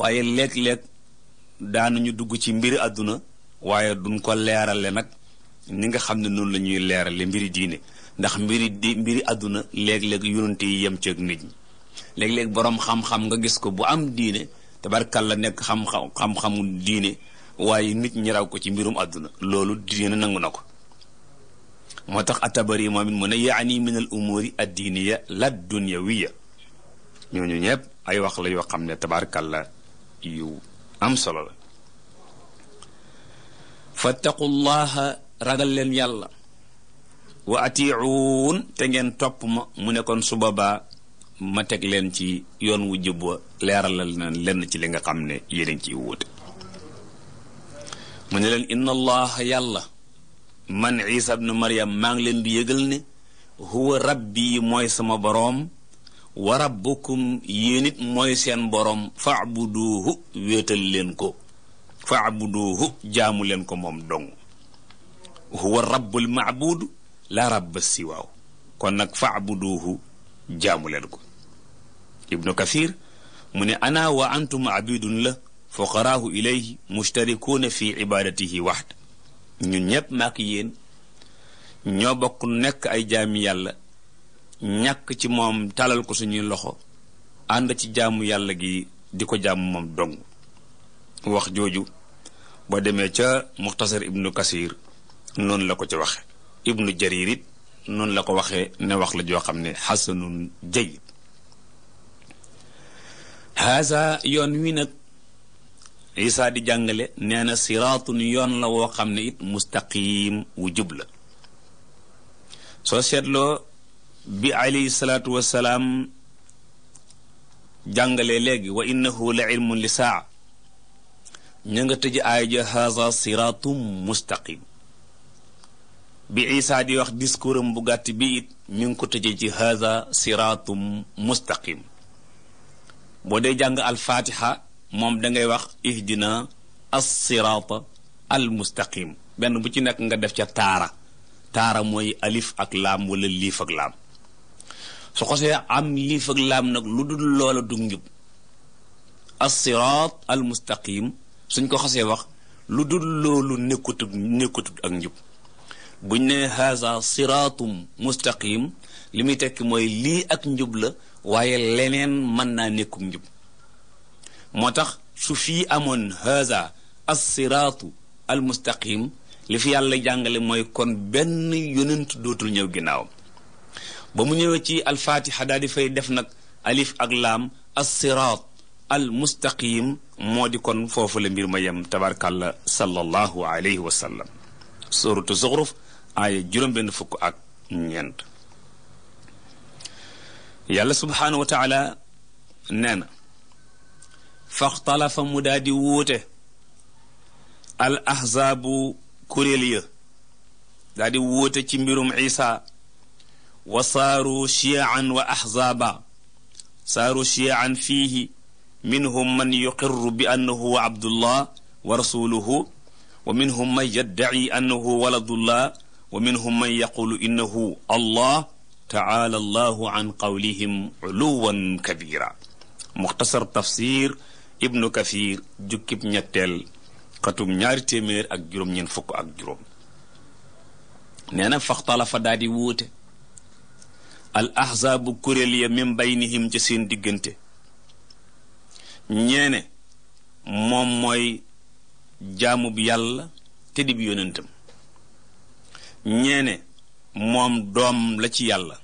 waaye léeg-léeg daanuñu dugg ci mbiri àdduna waaye duñ ko leerale nag ni nga xam ne noonu la ñuy leerale mbiri diine ndax mbiri di mbiri àdduna léeg-léeg yonent yi yem ceeg nit ñi léeg-léeg boroom xam-xam nga gis ko bu am diine tabarkal la nekk xam-xam xam-xamu diine waaye nit ñi raw ko ci mbirum àdduna loolu diine nangu na ko moo tax atabari moom it mu ne yaani min al umuuri addiiniya la dunyawiya ñooñu ñëpp ay wax la yoo xam ne tabarkal la yu am solo la fattaqullaha ragal leen yàlla wa atiicuun te ngeen topp ma mu nekkoon su boobaa ma teg leen ci yoon wu jub wa leeralal lenn ci li nga xam ne yéen ciy wuute mu ne leen inna allaha yàlla man isa ibnu maryam maa ngi leen di yëgal ne huwa rabbi mooy sama boroom wa rabbukum yéen mooy seen boroom fa faabuduuhu wéetal leen ko fa faabuduuhu jaamu leen ko moom dong huwa rabbul maabudu la rabba siwaaw kon nag faabuduuhu jaamu leen ko ibnu kathir mu ne ana wa antum abidun la fuqaraahu ilayhi mustarikuuna fi ibaadatihi waxd ñu ñépp maak yéen ñoo bokk nekk ay jaami yàlla ñàkk ci moom talal ko suñuy loxo ànd ci jaamu yàlla gi di ko jaamu moom dong wax jooju boo demee ca muxtasar ibnu kasir noonu la ko ci waxe ibnu jarir it noonu la ko waxee ne wax la joo xam ne xasanun jayid haasa yoon wi nag isaa di jàngale nee na yoon la woo xam ne it mustaqim wu jubla soo seetloo bi alayhi salaatu wasalaam jàngale léegi wa innahu saa ña nga tëj aaya ja haasa bi isaa di wax discours am bu gàtt bi it ñu ngi ko tëjee ci haasa siraatum mustaqim boo dee jàng alfaatiha moom dangay ngay wax ihdina assiraata almustaqim benn bu ci nekk nga def ca taara taara mooy alif ak laam wala liif ak laam su xasee am liif ak laam nag lu dul loola du njub assiraat almustaqim suñ ko xasee wax lu dul loolu nekkutut nekkutut ak njub buñ ne haza siraatum mustaqim li muy tekki mooy lii ak njub la waaye leneen mën naa nekkum njub moo tax su fi amoon haza assiraatu almustaqim li fi yàlla jàngale mooy kon benn yonent dootul ñëw ginnaawam ba mu ñëwee ci alfaatiha daal di fay def nag alif ak laam assiraat almustaqim moo di kon foofu mbir ma yem tabarkàlla sallallahu alayhi wa sallam suratu aaya juróom benn fukk ak ñeent yàlla subhaanahu wa taala nee na faxtalafa mu daa di wuute al ahzaabu kuréel ya daa di wuute ci mbirum isa wa saaru chiaan wa ahzaaba saaru chiaan fiihi minhum man yuqirru bi annahu wa abdullah wa rasuluhu wa minhum man yaddaci annahu waladullah wa minhum man yaqulu innahu allah taala allahu an qawlihim uluwan kabira muxtasar tafsir ibnu kathir jukkib ñetteel xatum ñaari téeméer ak juróom ñeent fukk ak juróom nee na faxtala fa daal di wuute al ahzaabu kuréel ya min baynihim ci seen diggante ñeene moom mooy jaamu bi yàlla te ñeene moom doom la ci yàlla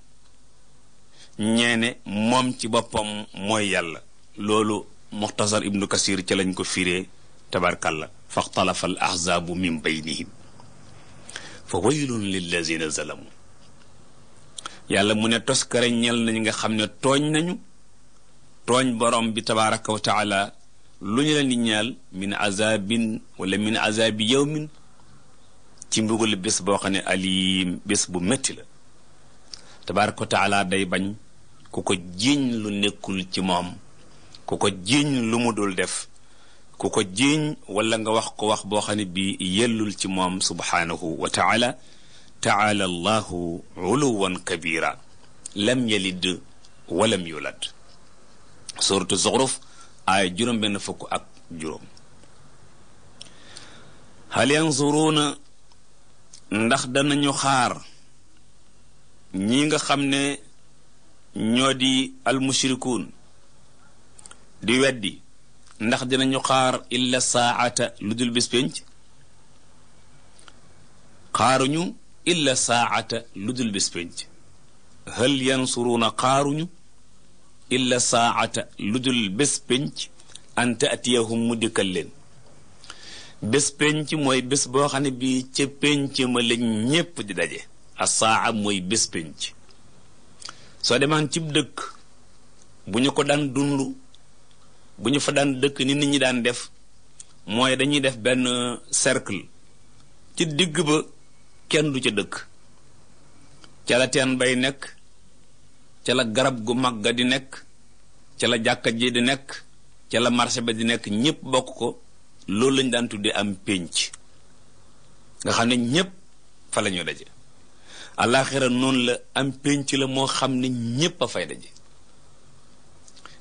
ñeene moom ci boppam mooy yàlla loolu muxtasar ibnu kasir ca lañ ko firee tabarkalla faxtalafa al ahzaabu min baynihim fa waylun lillazina zalamu yàlla mu ne toskare ñel nañu nga xam ne tooñ nañu tooñ borom bi tabaraka wa lu ñu leen di ñaal min azabin wala min azabi yawmin ci mbugal bés boo xam ne aliim bés bu metti la tabaaraka wa taala day bañ ku ko jiiñ lu nekkul ci moom ku ko jiiñ lu mu dul def ku ko jiiñ walla nga wax ko wax boo xam ne bi yellul ci moom subhaanahu wa taala taala allahu uluwan kabira lam yalid walam yulad suratu zuxruf aaya juróom benn fukk ak juróom ndax danañu xaar ñi nga xam ne ñoo di almushrikuun di weddi ndax dinañu xaar illa saata lu dul bis pénc xaaruñu illa saata lu dul bis pénc hal yansuruuna xaaruñu illa saata lu dul bis pénc an taatiyahum mu dikkal leen bés penc mooy bés boo xam ne bii ca penc ma la ñépp di daje asaa mooy bés penc soo demaan cib dëkk bu ñu ko daan dund bu ñu fa daan dëkk ni nit ñi daan def mooy dañuy def benn cercle ci digg ba kenn du ca dëkk ca la teen bay nekk ca la garab gu mag ga di nekk ca la jàkka ji di nekk ca la marché ba di nekk ñépp bokk ko loolu lañ daan tuddee am pénc nga xam ne ñépp fa la ñoo daje alaaxira noonu la am pénc la moo xam ne ñépp a fay daje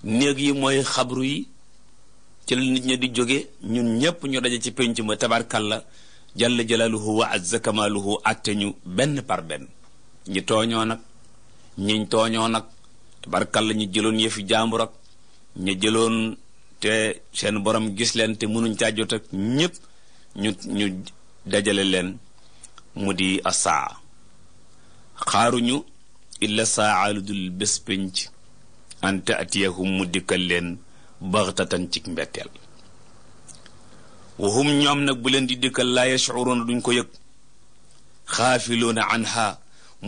néeg yi mooy xabru yi ci la nit ña di jóge ñun ñépp ñu daje ci pénc ma tabarkalla jalla jalaaluhu wa azza kamaaluhu àtte ñu benn par benn ñi tooñoo nag ñiñ tooñoo nag la ñu jëloon yëfi jaambur ak ña jëloon te seen borom gis leen te mënuñ caa jot ak ñëpp ñu dajale leen mu di asaa xaaruñu illa saa lu dul bés pénc an taatiyahum mu dikkal leen baxtatan cig mbetteel wahum ñoom nag bu leen di dikkal laa yashcuruuna duñ ko yëg xaafiluuna anha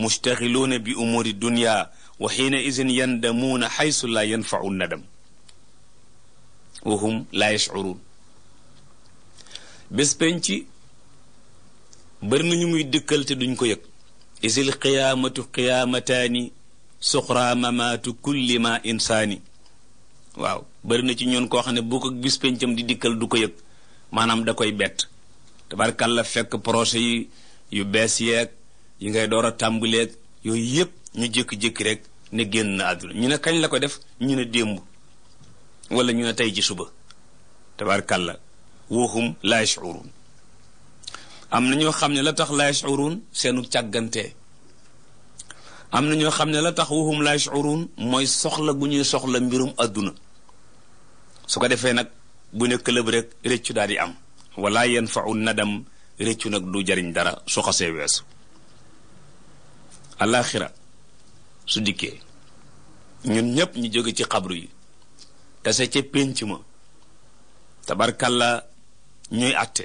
mustaxiluuna bi umuuri dunya wa xiina isin yandamuuna xaysu laa yanfacu nadam wa lay laa yash'uruun bés penc nañu muy dëkkal te duñ ko yëg isil qiyaamatu qiyaamataani suxraa mamaatu kulli ma insaani waaw bari na ci ñoon koo xam ne bu ko bis pencam di dikkal du ko yëg maanaam da koy bett tabarkalla fekk projet yi yu bees yeek yi ngay door a tàmbaleeg yooyu yëpp ñu jékki-jékki rek ne génn na ñu ne kañ la ko def ñu ne démb wala ñu ne tey ci suba tabarkàlla woohum laa yashurun am na ñoo xam ne la tax laa yashurun seenu càggante am na ñoo xam ne la tax woohum laa yashurun mooy soxla gu ñuy soxla mbirum àdduna su ko defee nag bu ne këlëb rek rëccu daal di am wala yanfau nadam rëccu nag du jariñ dara su xasee weesu alaaxira su dikkee ñun ñépp ñu jóge ci xabru yi tase ca pénc ma tabarkalla ñuy atte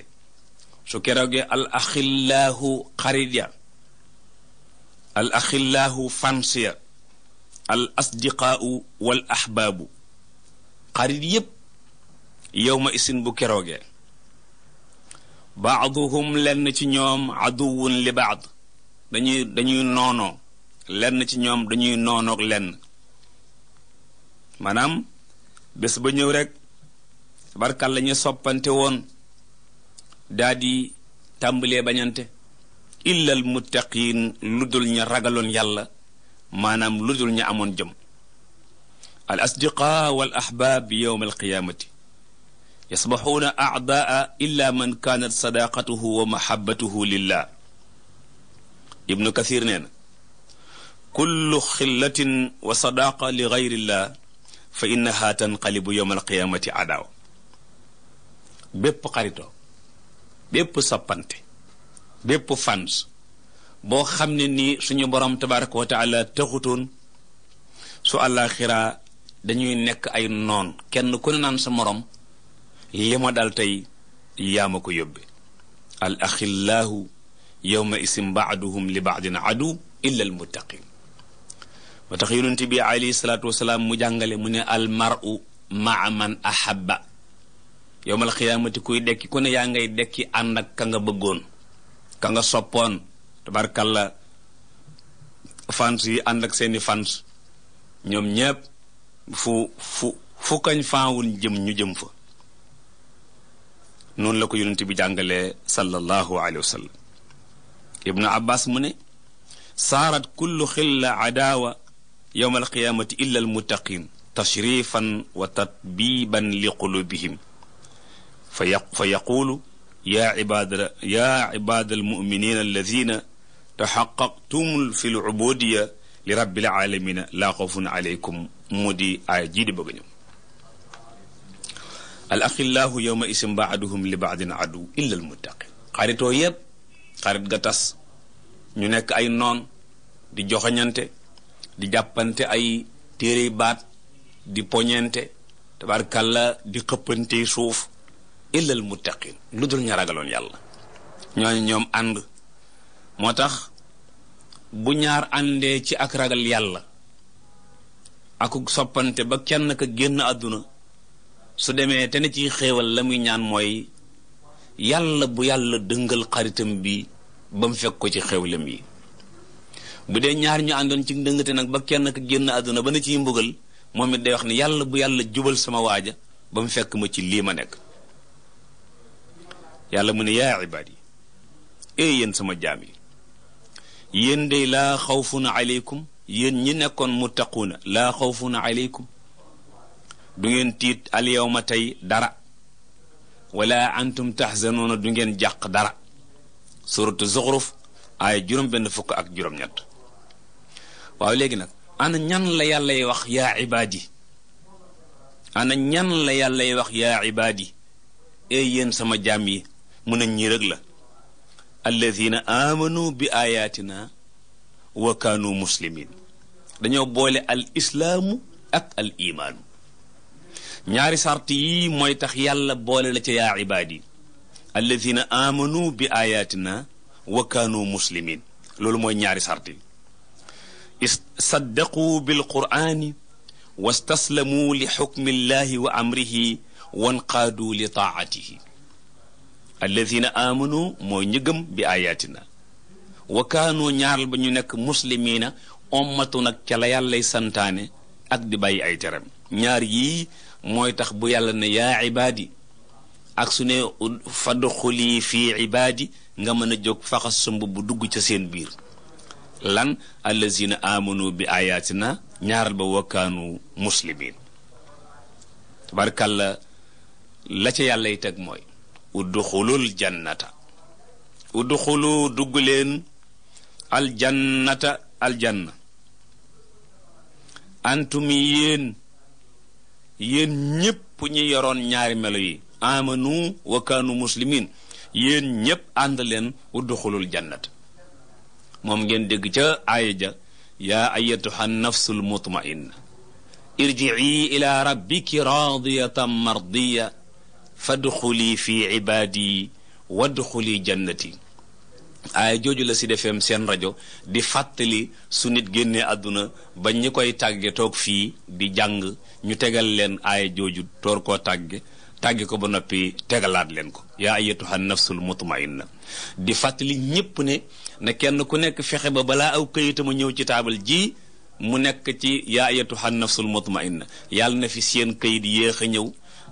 su keroogee al axillaahu xarit ya al axillaahu fans ya al asdiqaau wal ahbaabu xarit yépp yowma isin bu keroogee baaduhum lenn ci ñoom aduwun li baad dañuy noonoo lenn ci ñoom dañuy noonoog lenn maanaam bés ba ñëw rek barkal lañu ñu soppante woon daa di bañante illal muttaqiin lu dul ña ragaloon yàlla maanaam lu dul ña amoon jëm al asdiqa wal ahbaab yowma alqiyaamati yasbaxuuna acdaa illa man kaanat sadaqatuhu wa mahabatuhu lillah ibnu kathir nee na kullu wa sadaqa li fa innaha tanqalibu yowma alqiyamati adaaw bépp xarito bépp sappante bépp fans boo xam ne nii suñu borom tabaraka wa taala taxutoon su àllaaxira dañuy nekk ay noon kenn ku ne naan sa morom li dal tey yaa ko yóbbe al axillaahu yowma isim baaduhum li baadin adu illa al ba tax yonent bi alayhi salaatu wasalaam mu jàngale mu ne al mar'u maa man ahabba yowmal kuy dekki ku ne yaa ngay dekki ànd ak ka nga bëggoon ka nga soppoon tabarkalla fans yi ànd ak seeni fans ñoom ñépp fu fu fu kañ faawul jëm ñu jëm fa noonu la ko yonent bi jàngalee sallallahu alayhi wa ibnu abbas mu ne saarat kullu xilla adaawa yowma alqiyaamati illa almuttaqin tashrifan wa tatbiban li qulubihim fa fa yaquulu yaa ibaada yaa ibaada almuminina alladina taxaqaqtum fi lubudiya li rabbil alamina laa xawfun aleykum mu di aaya jii di bëgg ñëw al axillaahu yowma isim baaduhum li baadin adu illa almuttaqin xaritoo yépp xarit ga tas ñu nekk ay noon di joxañante di jàppante ay téere baat di poñente tabarkàlla di xëppante suuf illal muttaqin lu dul ña ragaloon yàlla ñooñu ñoom ànd moo tax bu ñaar àndee ci ak ragal yàlla akuk soppante ba kenn ka génn àdduna su demee te ne ci xéewal la muy ñaan mooy yàlla bu yàlla dëngal xaritam bi ba mu fekk ko ci xéewlam yi bu dee ñaar ñu àndoon ci ndëngate nag ba kenn ka génn àdduna ba na ciy mbugal moom it day wax ne yàlla bu yàlla jubal sama waaja ba mu fekk ma ci lii ma nekk yàlla mu ne yaa ibaadi ee eh yéen sama jaam yi yéen day laa xawfun aleykum yéen ñi nekkoon muttaquuna laa na aleykum du ngeen tiit al ma tey dara wala antum taxzanuuna du ngeen jàq dara suratu zuxruf ay juróom benn fukk ak juróom-ñett waaw léegi nag ana ñan la yàllay wax yaa ibaadi ana ñan la yàllay y wax yaa ibaadi ee yéen sama jaam yi mën a ñi rek la alladina amanu bi ayatina wa kaanu muslimin dañoo boole al ak al ñaari sart yi mooy tax yàlla boole la ca yaa ibaadi alladina amanu bi ayatina wa kaanu muslimin loolu mooy ñaari sart yi saddaqu bil qur'aani wastaslamu li xukmi llahi wa amrihi wanqaadu li taatihi alladina amanu mooy ñi gëm bi ayatina wa kaanu ñaaral ba ñu nekk muslimiina ommatu nag ca la yàllay santaane ak di bàyyi ay teram ñaar yii mooy tax bu yàlla ne yaa ibaadi ak su ne fadxuli fii ibaadi nga mën a jóg faxas sa mbubb bu dugg ca seen biir lan allazina amanu bi ayatina ñaaral ba wakkaanu muslimin tabarkalla la ca yàlla yi teg mooy udduxulul jannata udduxulu dugg leen aljannata aljanna antumi yéen yéen ñépp ñu yoroon ñaari melo yi amanu wakkaanu muslimin yéen ñépp ànd leen udduxulul jannata moom ngeen dégg ca aaya ja yaa ayatuha nafsul mutmainna irjii ila rabbiki raadiyatan mardiya fadxuli fi ibaadi wadxuli jannati aaya jooju la si defeem seen rajo di fàttali su nit génnee àdduna ba ñi koy tàgge toog fii di jàng ñu tegal leen aaya jooju toor koo tàgge tàgge ko ba noppi tegalaat leen ko yaa ayatuha nafsul mutmainna di fàttali ñépp ne ne kenn ku nekk fexe ba balaa aw këyitama ñëw ci taabal ji mu nekk ci yaayatu ayatuha nafsul mutmainna yàlla na fi seen këyit yéex a ñëw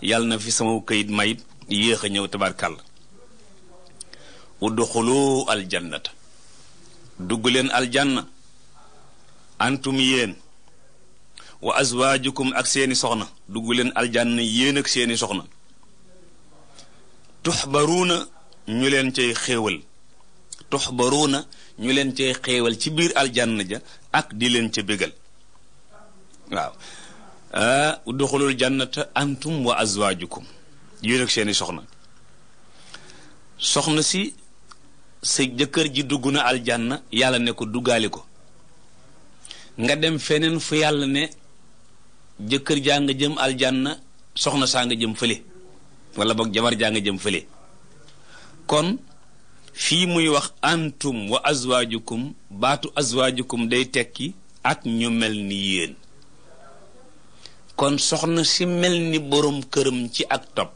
yàlla na fi sama këyit mayit yéex a ñëw tabarkàlla udxulu aljannata dugg leen aljanna antum yéen wa azwaajukum ak seeni soxna dugg leen aljanna yéen ak seeni soxna tuxbaruuna ñu leen cay xéewal tuxbaruuna ñu leen cay xéewal ci biir aljanna ja ak di leen ca bégal waaw ah, udxulul jannata antum wa azwaajukum yéen ak seeni soxna soxna si sa jëkkër ji dugg na aljanna yàlla ne ko duggaali ko nga dem feneen fu yàlla ne jëkkër jaa nga jëm aljanna soxna saa nga jëm fële wala boog jabar jaa nga jëm fële kon fii muy wax antum wa azwaajukum baatu azwaajukum day tekki ak ñu mel ni yéen kon soxna si mel ni boroom këram ci ak topp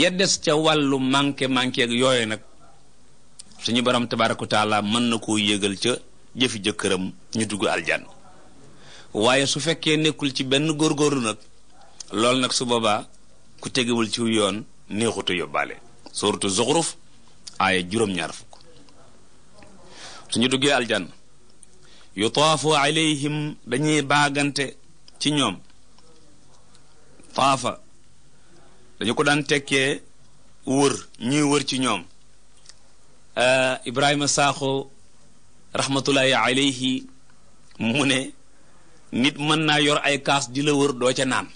ya des ca wàllu manqué manqué ak yooyu nag suñu borom tabaaraka taala mën na koo yëgal ca jëfi jëkkëram ñu dugg aljan waaye su fekkee nekkul ci benn góorgóorlu nag loolu nag su boobaa ku tegewul ci yoon neexutu yóbbaale. suuratu zuxruf aaya juróom-ñaar fukk suñu duggee aljanna yutaafu alayhim dañuy baagante ci ñoom taafa dañu ko daan tekkee wër ñuy wër ci ñoom eh, Ibrahima Sakho rahmatullahi alayhi mu ne nit mën naa yor ay kaas di la wër doo ca naan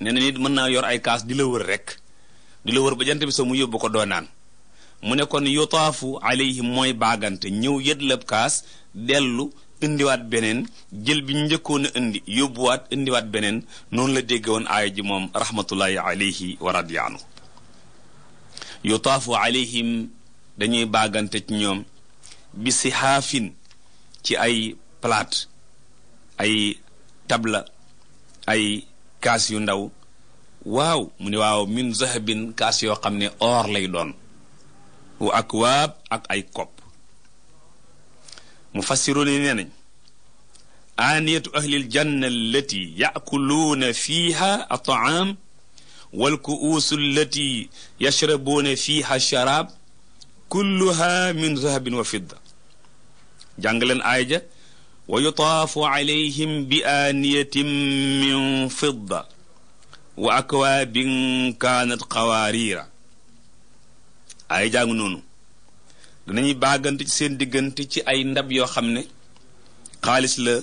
nee na nit mën naa yor ay kaas di la wër rek di la wër ba jant bi so mu yóbbu ko doo naan mu ne kon yutaafu alayhim mooy baagante ñëw yëtlab kaas dellu indiwaat beneen jël bi njëkkoon a yóbbuwaat indiwaat beneen noonu la dégg woon aaya ji moom rahmatullahi alayhi wa radiya anhu yutaafu alayhim dañuy baagante ci ñoom bi sihaafin ci ay palaat ay tabla ay kaas yu ndaw waaw mu ne waaw min zahabin kaas yoo xam ne or lay doon wa akwaab ak ay kopp mufassiruun yi nee nañ aaniyatu ahlil janna allati yaakuluuna fiiha ataam wal kuusu allati yashrabuuna fiiha sharaab kulluha min zahabin wa fidda jàng leen aaya ja wa yutaafu alayhim bi aaniyatin min fidda wa akwaabin kaanat qawaariira ay jàng noonu danañuy baagante ci seen diggante ci ay ndab yoo xam ne xaalis la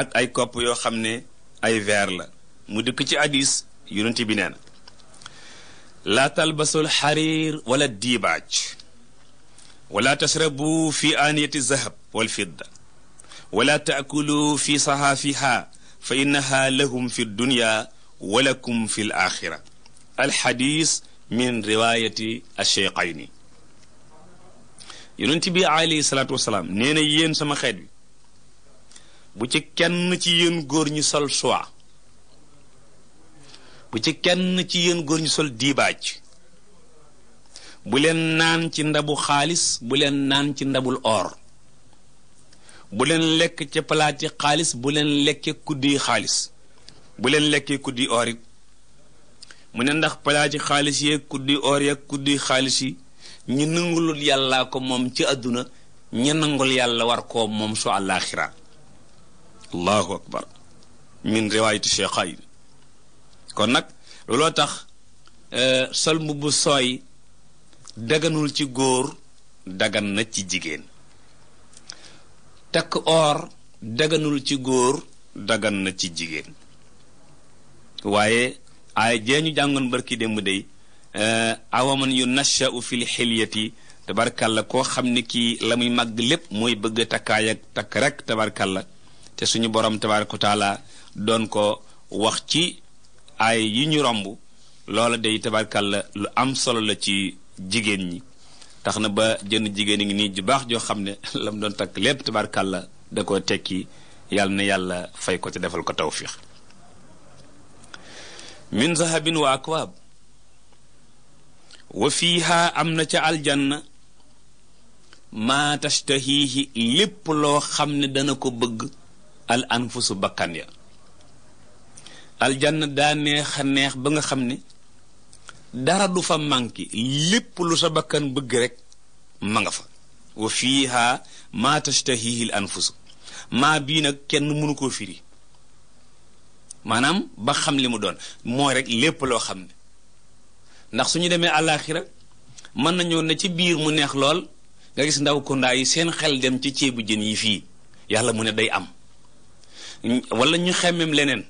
ak ay kopp yoo xam ne ay verre la mu dëkk ci hadis yonent bi nee na laa talbasul xariir wala diibaaj wala tashrabu fi aaniyati zahab wal fidda wala taakulu fi sahaafiha fa innaha lahum fi dunya wa lakum fi l axira min riwaayati ash-shaykhayni yonent bi alayhi salaatu wasalaam nee na yéen sama xeet bi bu ci kenn ci yéen góor ñi sol soie bu ci kenn ci yéen góor ñu sol diibaaj bu leen naan ci ndabu xaalis bu leen naan ci ndabul or bu leen lekk ci palaati xaalis bu leen lekkee kuddi xaalis bu leen lekkee kuddi or it mu ne ndax palaati xaalis yee kuddi or yeeg kuddi xaalis yi ñu nangulul yàlla ko moom ci àdduna ñi nangul yàlla war koo moom su àllaaxira allahu akbar min riwaayatu cheikhayn kon nag looloo tax euh, sol mbubb sooy daganul ci góor dagan na ci jigéen takk or daganul ci góor dagan na ci jigéen waaye aaya jee ñu jàngoon barki démb day eh, awaman yu nasha u fil xilyati la koo xam ne kii la muy màgg lépp mooy bëgg a takkaay ak takk rek tabarkalla te suñu borom tabaraka taala doon ko wax ci ay yi ñu romb loola day tabarkalla lu am solo la ci jigéen ñi tax na ba jënd jigéen ngi nii ju baax joo xam ne la mu doon takk lépp tabarkalla da ko tekki yàlla na yàlla fay ko te defal ko tawfiix min zahabin wa akwaab wa fiiha am na ca aljanna maa tashtahiihi lépp loo xam ne dana ko bëgg al anfusu bakkan ya aljanna daa neex a neex ba nga xam ne dara du fa manki lépp lu sa bakkan bëgg rekk ma nga fa wa fiiha maa tashtahiihi al anfusu maa bii nag kenn mënu koo firi maanaam ba xam li mu doon mooy rek lépp loo xam ne ndax su ñu demee àllaaxira mën nañoo na ci biir mu neex lool nga gis ndaw kondaa yi seen xel dem ci ceebu jën yi fii yàlla mu ne day am wala ñu xemmem leneen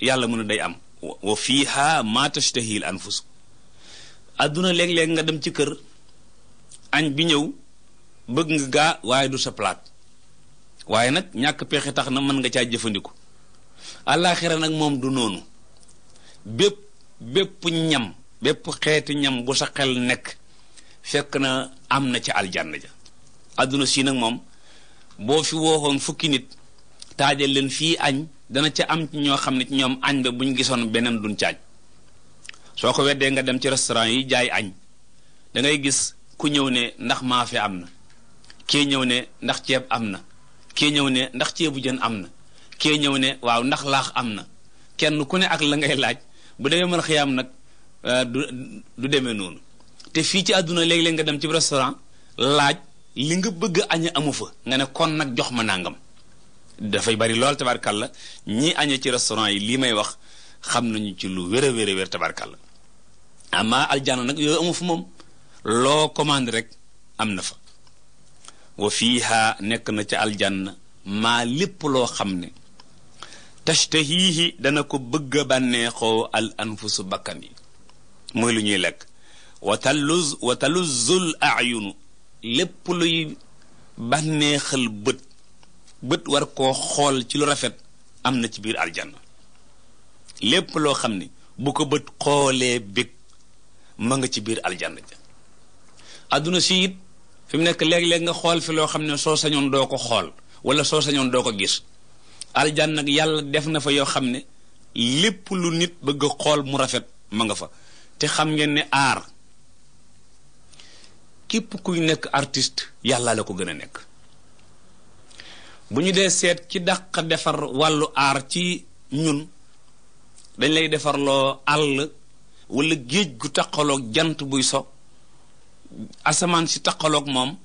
yàlla mu ne day am wa fiiha ma tashtahil fus adduna léeg-léeg nga dem ci kër añ bi ñëw bëgg nga gaa waaye du sa palaat waaye nag ñàkk pexe tax na mën nga caa jëfandiku àllaaxira nag moom du noonu bépp ñam bépp xeeti ñam bu sa xel nekk fekk na am na ca aljanna ja àdduna si nag moom boo fi wooxoon fukki nit taajal leen fii añ dana ca am ñoo xam ne ñoom añ ba bu gisoon beneen duñ caañ soo ko weddee nga dem ci restaurant yi jaay añ dangay gis ku ñëw ne ndax maafe am na kii ñëw ne ndax ceeb am na kee ñëw ne ndax ceebu jën am na kee ñëw ne waaw ndax laax am na kenn ku ne ak la ngay laaj bu demee mën mal am nag euh, du du demee noonu te fii ci àdduna léeg-léeg nga dem ci restaurant laaj li nga bëgg a aña amu fa nga ne kon nag jox ma nangam dafay bari lool tabarkalla ñii aña ci restaurant yi lii may wax xam nañu ci lu wér a wér a wér tabarkalla nag yooyu amu fa moom loo commande rek am na fa fii fiiha nekk na ca aljanna maa lépp loo xam ne tashtahiihi dana ko bëgg a bànneexoo al anfusu bakkan yi mooy lu ñuy lekk wa taluz wa taluzzul ayunu lépp luy bànneexal bët bët war koo xool ci lu rafet am na ci biir aljanna lépp loo xam ni bu ko bët xoolee bég mu nga ci biir aljanna ja àdduna si it fi mu nekk léeg-léeg nga xool fi loo xam ne soo sañoon doo ko xool wala soo sañoon doo ko gis aljaan nag yàlla def na fa yoo xam ne lépp lu nit bëgg xool mu rafet ma nga fa te xam ngeen ne aar képp kuy nekk artist yàlla la ko gën a nekk bu ñu dee seet ci dàq defar wàllu aar ci ñun dañ lay defarloo àll wala géej gu taqaloog jant buy so asamaan si taqaloog moom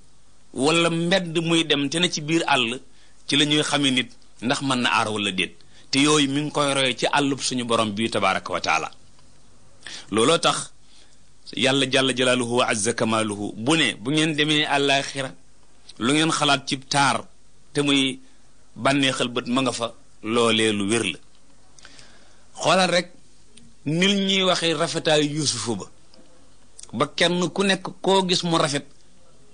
wala mbedd muy dem te ne ci biir àll ci la ñuy xame nit ndax mën na aar wala déet te yooyu mi ngi koy roy ci àllub suñu borom bii tabaraka wa taala looloo tax yàlla jàlla jalaaluhu wa azza kamaaluhu bu ne bu ngeen demee àllaaxira lu ngeen xalaat ci taar te muy bànneexal bët ma nga fa loolee lu wér la xoolal rek nil ñuy waxee rafetaayu yuusufu ba ba kenn ku nekk koo gis mu rafet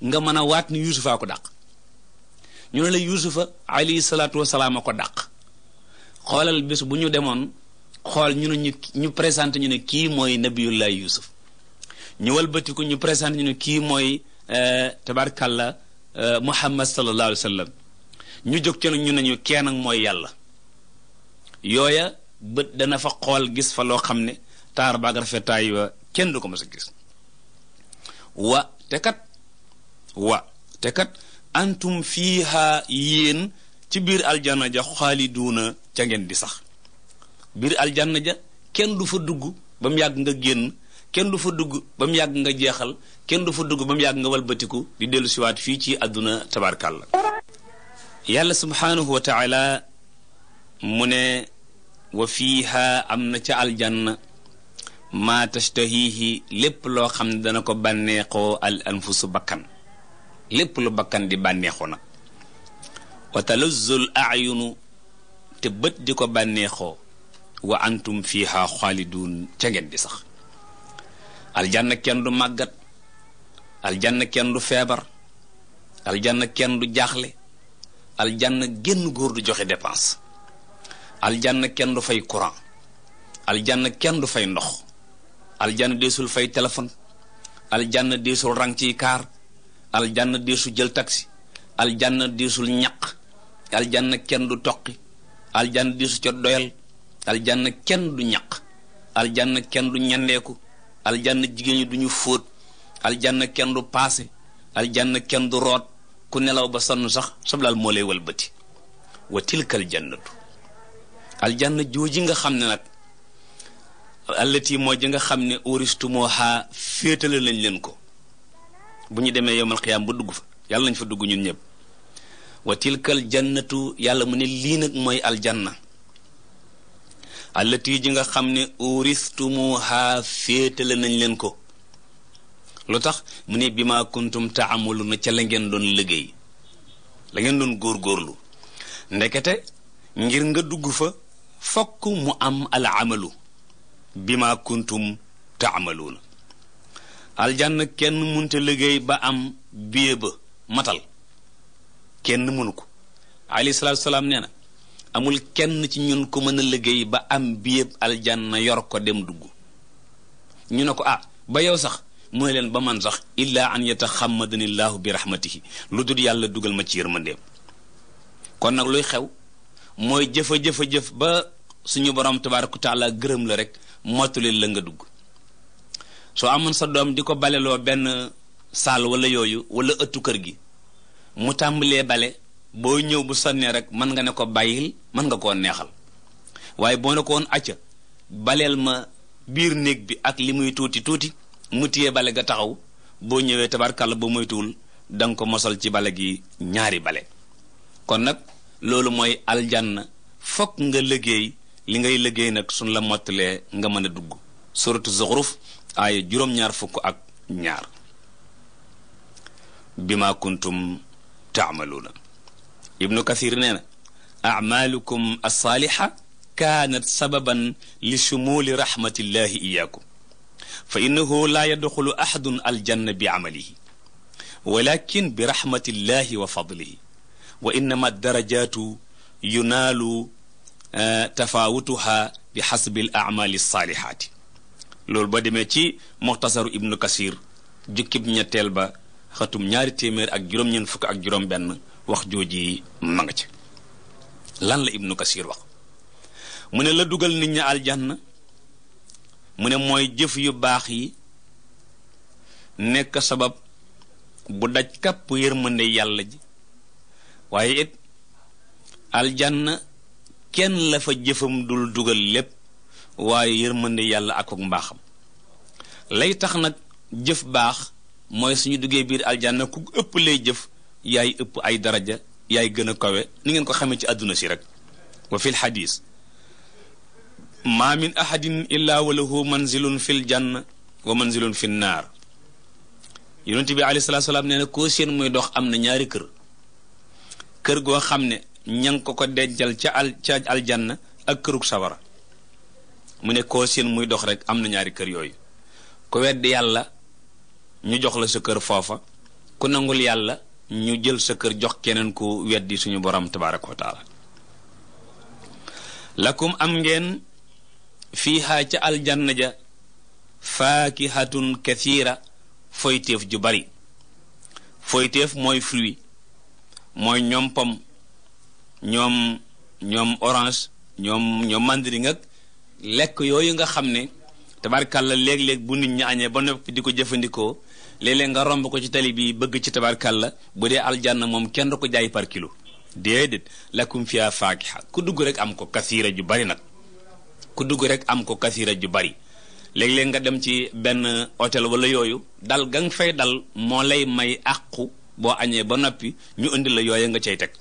nga mën a waat ni yuusufaa ko dàq ñu ne la yuusufa alayhi salaatu wasalaam a ko dàq xoolal bés bu ñu demoon xool ñu ne ñu ñu présenté ñu ne kii mooy nabiyullah yuusuf ñu walbatiku ñu présenté ñu ne kii mooy euh, tabarkalla euh, muhammad sallallahu alayhi wa sallam ñu jóg ci nag ñu nañu kenn mooy yàlla yooya bët dana fa xool gis fa loo xam ne taar baag rafetaay kenn du ko mës a gis wa te kat wa te kat antum fiiha yéen ci biir aljanna ja xaaliduuna ca ngeen di sax biir aljanna ja kenn du fa dugg ba mu yàgg nga génn kenn du fa dugg ba mu yàgg nga jeexal kenn du fa dugg ba mu yàgg nga walbatiku di dellusiwaat fii ci àdduna tabarkàlla yàlla subhaanahu wa taala mu ne wa fiiha am na ca aljanna maa tashtahiihi lépp loo xam ne dana ko bànneexoo al anfusu bakkan lépp lu bakkan di bànneexoo nag wa talazzul ayunu te bët di ko bànneexoo wa antum fiha xaalidun ca ngeen di sax aljanna kenn du màggat aljanna kenn du feebar aljanna kenn du jaaxle aljanna génn góor du joxe dépense aljanna kenn du fay courant aljanna kenn du fay ndox aljanna deesul fay téléphone aljanna deesul rang ciy kaar al aljanna deesu jël taxi aljanna deesul ñaq aljanna kenn du toqi aljanna deesu ca al aljanna kenn du ñaq al aljanna kenn du ñandeeku aljanna jigéen ñi du ñu fóot aljanna kenn du paase aljanna kenn du root ku nelaw ba sonn sax sablaal moo lay wëlbati wa tilka aljannatu aljanna jooji nga xam ne nag allati moo ji nga xam ne uristu moo xaa féetale lañ leen ko bu ñu demee yowmal xiyaam ba dugg fa yàlla nañ fa dugg ñun ñëpp wa tilkal jannatu yàlla mu ne lii nag mooy aljanna allati ji nga xam ne uristumuha féetale nañ leen ko lu tax mu ne bi ma kuntum taamalu na ca la ngeen doon liggéey la ngeen doon góorgóorlu ndekete ngir nga dugg fa fokk mu am al amalu bi ma kuntum taamaluuna aljanna kenn munte liggéey ba am bie ba matal kenn mënu ko alayhi salaam nee na amul kenn ci ñun ku mën a liggéey ba am bie na yor ko dem dugg ñu ne ko ah ba yow sax mu leen ba man sax illaa an yataxammadani llaahu bi rahmatihi lu dul yàlla dugal ma ci yërmandeem kon nag luy xew mooy jëfa jëfa jëf ba suñu borom tabaaraka taala gërëm la rek mottali la nga dugg soo amoon sa doom di ko baleloo benn saal wala yooyu wala ëttu kër gi mu tàmbalee bale boo ñëw bu sonnee rek mën nga ne ko bàyyil mën nga koo neexal waaye boo ne ko acca baleel ma biir néeg bi ak li muy tuuti tuuti mu téye bale ga taxaw boo ñëwee tabarkàlla ba moytuwul da nga ko mosal ci bale gi ñaari bale kon nag loolu mooy aljanna fokk nga liggéey li ngay liggéey nag suñ la mottalee nga mën a dugg suratu zuxruf aaya juróom-ñaar fukk ak ñaar bima kuntum taamaluuna ibnu kathir nee na acmaalukum alsaalixa kaanat sababan li sumuuli raxmatillahi iyaakum fa innahu laa yadxulu axadun aljanna bi camalihi walakin bi raxmatillahi wa fadlihi wa innama darajaatu yunaalu eh, tafaawutuha bi xasbi al acmaali alsaalixaati loolu ba demee ci muxtasaru ibnu kasir jukkib ñetteel ba xatum ñaari téeméer ak juróom-ñeent fukk ak juróom benn wax jooji ma nga ci lan la ibnu kasir wax mu ne la dugal nit ña aljanna mu ne mooy jëf yu baax yi nekk sabab bu daj kàpp yërmande yàlla ji waaye it aljanna kenn la fa jëfam dul dugal lépp waaye mën yërmande yàlla ak ak mbaaxam lay tax nag jëf baax mooy suñu duggee biir aljanna ku ëpp lay jëf yaay ëpp ay daraja yaay gën a kawe ni ngeen ko xamee ci àdduna si rek wa fil xadis maa min ahadin illa wa lahu manzilun fil janna wa manzilun fin naar yonent bi alayhi salaatu salaam nee na koo seen mooy dox am na ñaari kër kër goo xam ne ña ngi ko ko dencal ca ca aljanna ak kërug sawara mu ne koo seen muy dox rek am na ñaari kër yooyu ku weddi yàlla ñu jox la sa kër foofa ku nangul yàlla ñu jël sa kër jox keneen ku weddi suñu borom tabaaraka wa taala lakum am ngeen fiihaa ca aljanna ja faakihatun kathiira foyteef ju bari foyteef mooy fruit mooy ñoom pom ñoom ñoom orange ñoom ñoom mandarin ak lekk yooyu nga xam ne la léeg-léeg bu nit ñi añee ba noppi di ko jëfandikoo léeg-léeg nga romb ko ci tali bi bëgg ci la bu dee aljanna moom kenn du ko jaay parkilo kilo déedéet lakum fiha faakiha ku dugg rek am ko kasiira ju bari nag ku dugg rek am ko kasiira ju bari léeg-léeg nga dem ci benn hôtel walla yooyu dal ga nga fay dal moo lay may àqu boo añee ba noppi ñu indi la yooyu nga cay teg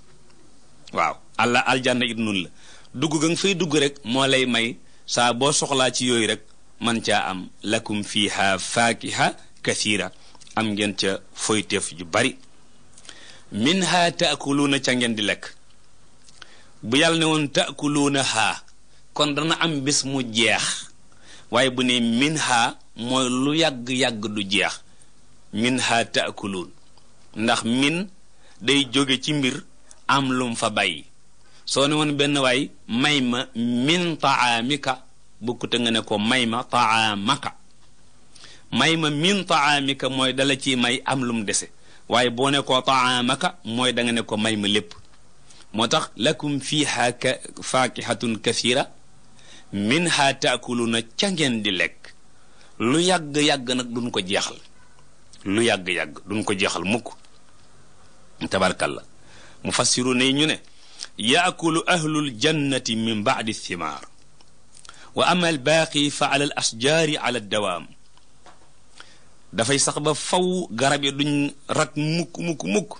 waaw allah aljanna it nun la dugg ga nga fay dugg rek moo lay may saa boo soxlaa ci yooyu rek man caa am lakum fiha faakiha kathiira am ngeen ca foyteef ju bari minha taakuluuna ca ngeen di lekk bu yàlla ne woon taakuluuna kon dana am bis mu jeex waaye bu ne minha mooy lu yàgg-yàgg du jeex minha taakuluun ndax min day jóge ci mbir am lum fa bàyyi soo ne woon benn waay may ma min taamika bukkute nga ne ko may ma taamaka may ma min taamika mooy dala ci may am lum dese waaye boo ne ko taamaka mooy danga ne ko may ma lépp moo tax lakum fiiha faakihatun kathira minha taakuluna ca ngeen di lekk lu yàgg-yàgg nag duñ ko jeexal lu yàgg-yàgg duñ ko jeexal mukk tabarkalla mufassiru ne ñu ne yaakulu ahlul jannati min baadi thimaar wa ama al baaqi fa ala al asjaari ala dawaam dafay sax ba faw garab yi duñ rak mukk mukk mukk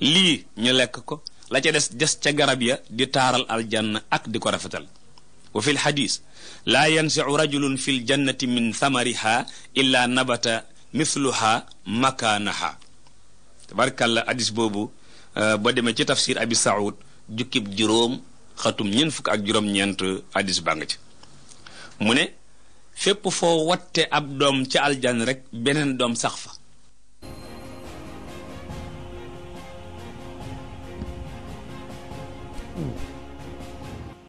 lii ñu lekk ko la ca des des ca garab ya di taaral aljanna ak di ko rafetal wa fi lxadis laa yansicu rajulun fi ljannati min thamariha illa nabata mithluha makaanaha tabarkàlla hadis boobu Euh, ba demee ci tafsir abi saud jukkib juróom xatum ñeent fukk ak juróom-ñeent addis baa nga ci mu ne fépp fo watte ab doom ci aljan rekk beneen doom sax fa